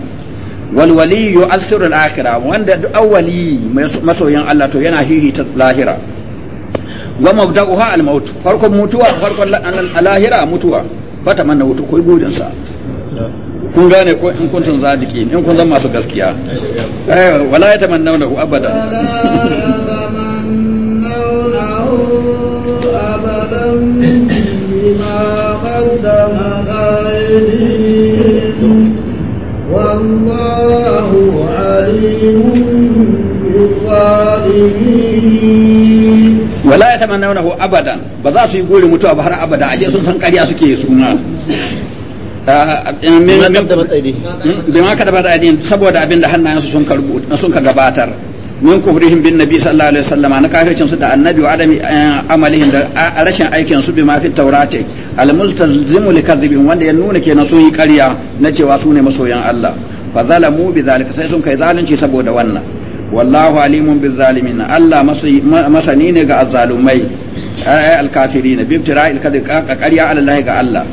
wal waliyyu yu'athiru al-akhirah wanda awwali masoyan Allah to yana hihi ta lahira wa mabda'uha al-maut farkon mutuwa farkon lahira mutuwa fata manna wuto koi godin sa kun gane ko in kuntun zadiki in kun zan masu gaskiya eh wala yatamannawna abadan والله عليم بالظالمين wala ya tamanna tamannahu abadan ba za su yi gori mutuwa ba har abada ashe sun san ƙarya suke suna ah, bima ka da bada saboda abin da hannayensu sun ka sun ka gabatar min kufrihim bin nabi sallallahu alaihi wasallama na kafircin su da annabi wa adami eh, amalihin da rashin aikin su bima fi taurati al multazimu li wanda ya nuna kenan sun yi karya na cewa su ne masoyan Allah fa zalamu bi zalika sai sun kai zalunci saboda wannan wallahu alimun bil zalimin Allah masani ne ga azzalumai ay al kafirin bi ibtira'il kadhib ala Allah ga Allah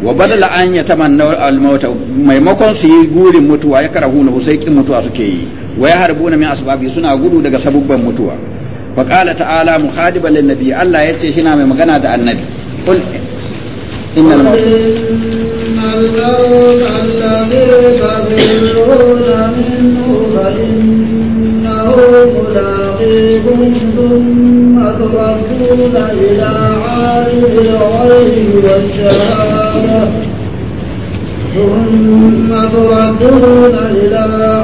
wa badala an yatamanna al mauta maimakon su yi gurin mutuwa ya karahuna sai kin mutuwa suke yi wa ya harbuna min asbabi suna gudu daga sabubban mutuwa wa qala ta'ala mukhadiban lin nabi Allah yace shi na mai magana da annabi qul innal mauta alladhi minhu fa أنه ملاقيكم ثم تردون إلى عالم الغيب والشهادة ثم تردون إلى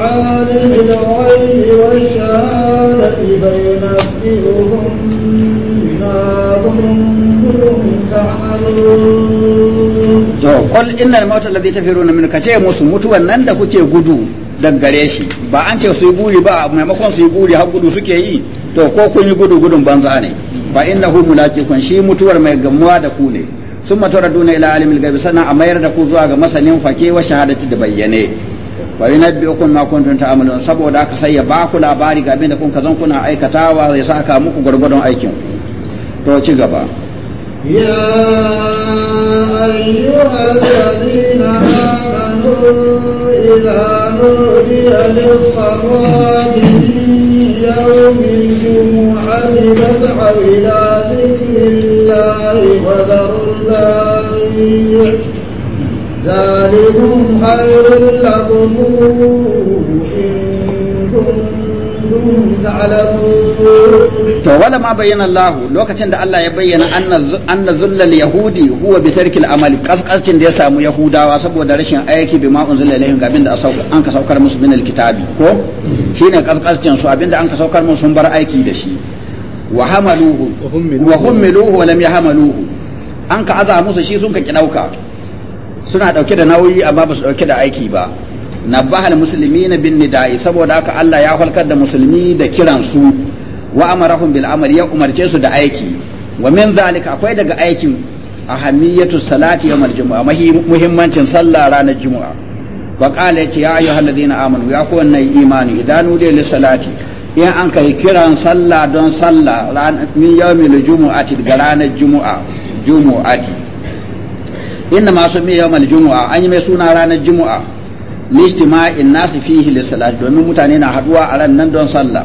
عالم الغيب والشهادة فينبئهم بما كنتم تعملون قل إن الموت الذي تفرون منه كشيء مسموت وأن عندك gudu gare shi ba an ce su yi guri ba maimakon su yi guri har gudu suke yi to ko kun yi gudu gudun banza ne ba hu mulaqikum shi mutuwar mai gamuwa da ku ne sun matura duna ila alimul gaibi sannan a mayar da ku zuwa ga masanin fake wa shahadati da bayyane wa yunabbi'ukum ma tunta amalan saboda aka sai ya ba ku labari ga abinda kun kazan kuna aikatawa zai saka muku gwargwadon aikin to ci gaba يا أيها الذين آمنوا نودي للصلاة من يوم الجمعة فاسعوا إلى ذكر الله وذروا البيع ذلكم خير لكم إن to wala ma bayyana Allah lokacin da Allah ya bayyana anna zullal yahudi huwa bi tarkil amali kaskascin da ya samu yahudawa saboda rashin aiki bi ma unzila ilaihim ga da an ka saukar musu min alkitabi ko shine kaskascin su abinda an ka saukar musu sun bar aiki da shi wa hamaluhu wa hummiluhu wa lam yahmaluhu an ka aza musu shi sun ka ki suna dauke da nauyi amma ba su dauke da aiki ba nabbahal muslimina bin nida'i saboda haka Allah ya halkar da musulmi da kiran su wa bil amali ya umarce su da aiki wa min zalika akwai daga aikin ahamiyatu salati yawmal jumu'a muhimmancin sallah ranar jumu'a wa qala yace ya ayyuhal amanu ya ku wannan imani idan nudiya lis salati in an kai kiran sallah don sallah min yawmil jumu'ati ga ranar jumu'a jumu'ati inna ma sumi yawmal jumu'a an yi mai suna ranar jumu'a lijtima'in nasi fihi lissalat domin mutane na haduwa a ran nan don sallah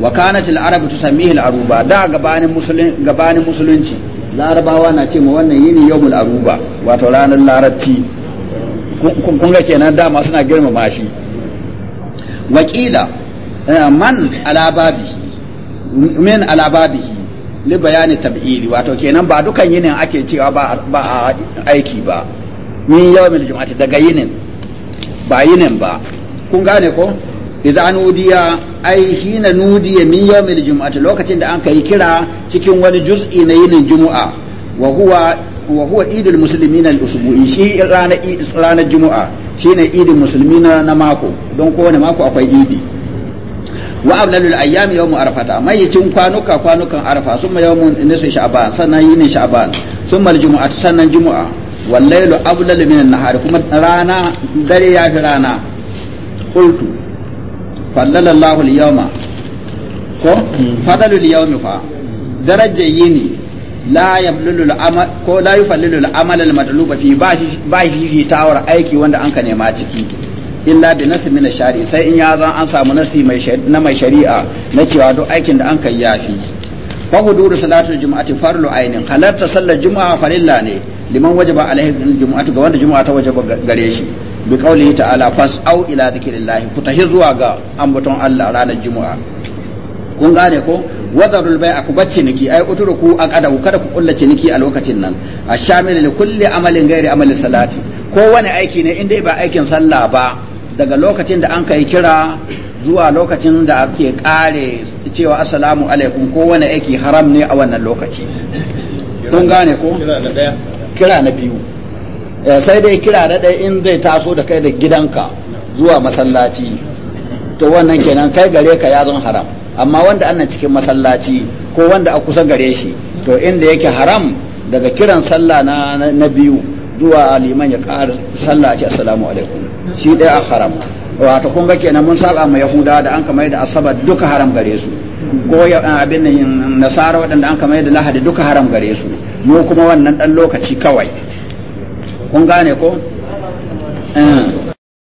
wa kanat al-arab tusammihi al-aruba da gabanin musulun gabanin musulunci larabawa na ce ma wannan yini yawmul aruba wato ranar larabci kun ga kenan dama suna girmama shi wakila eh, man alababi min alababi li bayani tab'ili wato kenan ba dukan yinin ake cewa ba a aiki ba min yawmil jum'ati daga yinin ba yinin ba kun gane ko idan nudiya ai hina nudiya min yawmil jumu'ati lokacin da an kai kira cikin wani juz'i na yinin jumu'a wa huwa wa huwa idul muslimina al-usbu'i shi ranar ranar jumu'a shine idul muslimina na mako don kowane mako akwai idi wa ablalul ayyam yawmu arfata cin kwanuka kwanukan arfa summa yawmun nisfu sha'ban sannan yinin sha'ban summa al sannan jumu'a wallailu ablal min an-nahari kuma rana dare ya fi rana qultu fallala Allahu al-yawma ko fadalu al-yawmi fa daraja yini la yablulu al-amal ko la yufallilu al-amal al madlub fi ba shi fi tawar aiki wanda an ka nema ciki illa bi nasi min shari sai in ya zan an samu nasi mai na mai shari'a na cewa duk aikin da an kai yafi fa salatu salatul jumu'ati farlu ainin halarta sallar juma'a farilla ne liman wajaba alaihi jumu'atu ga wanda juma'a ta wajaba gare shi bi qaulihi ta'ala au ila dhikrillahi ku tahi zuwa ga ambaton Allah ranar juma'a kun gane ko wadarul bai'a ku bacci niki ai ku a kada ku kullace niki a lokacin nan ashamil li kulli amalin ghairi amali salati ko wani aiki ne dai ba aikin sallah ba daga lokacin da an kai kira zuwa lokacin da ake kare cewa assalamu alaikum ko wani aiki haram ne a wannan lokaci kun gane ko kira na biyu eh, sai dai kira na ɗaya in zai taso da kai da gidanka zuwa masallaci to wannan kenan kai gare ka ya zan haram amma wanda ana cikin masallaci ko wanda a kusa gare shi to inda yake haram daga kiran sallah na biyu zuwa liman ya ƙara sallah ce assalamu alaikum shi ɗaya a haram wato kun ga kenan mun saba ma yahuda da an kamar da asabar duka haram gare su ko abin nasara waɗanda an kamar da lahadi duka haram gare su mu kuma wannan ɗan lokaci kawai kun gane ko eh.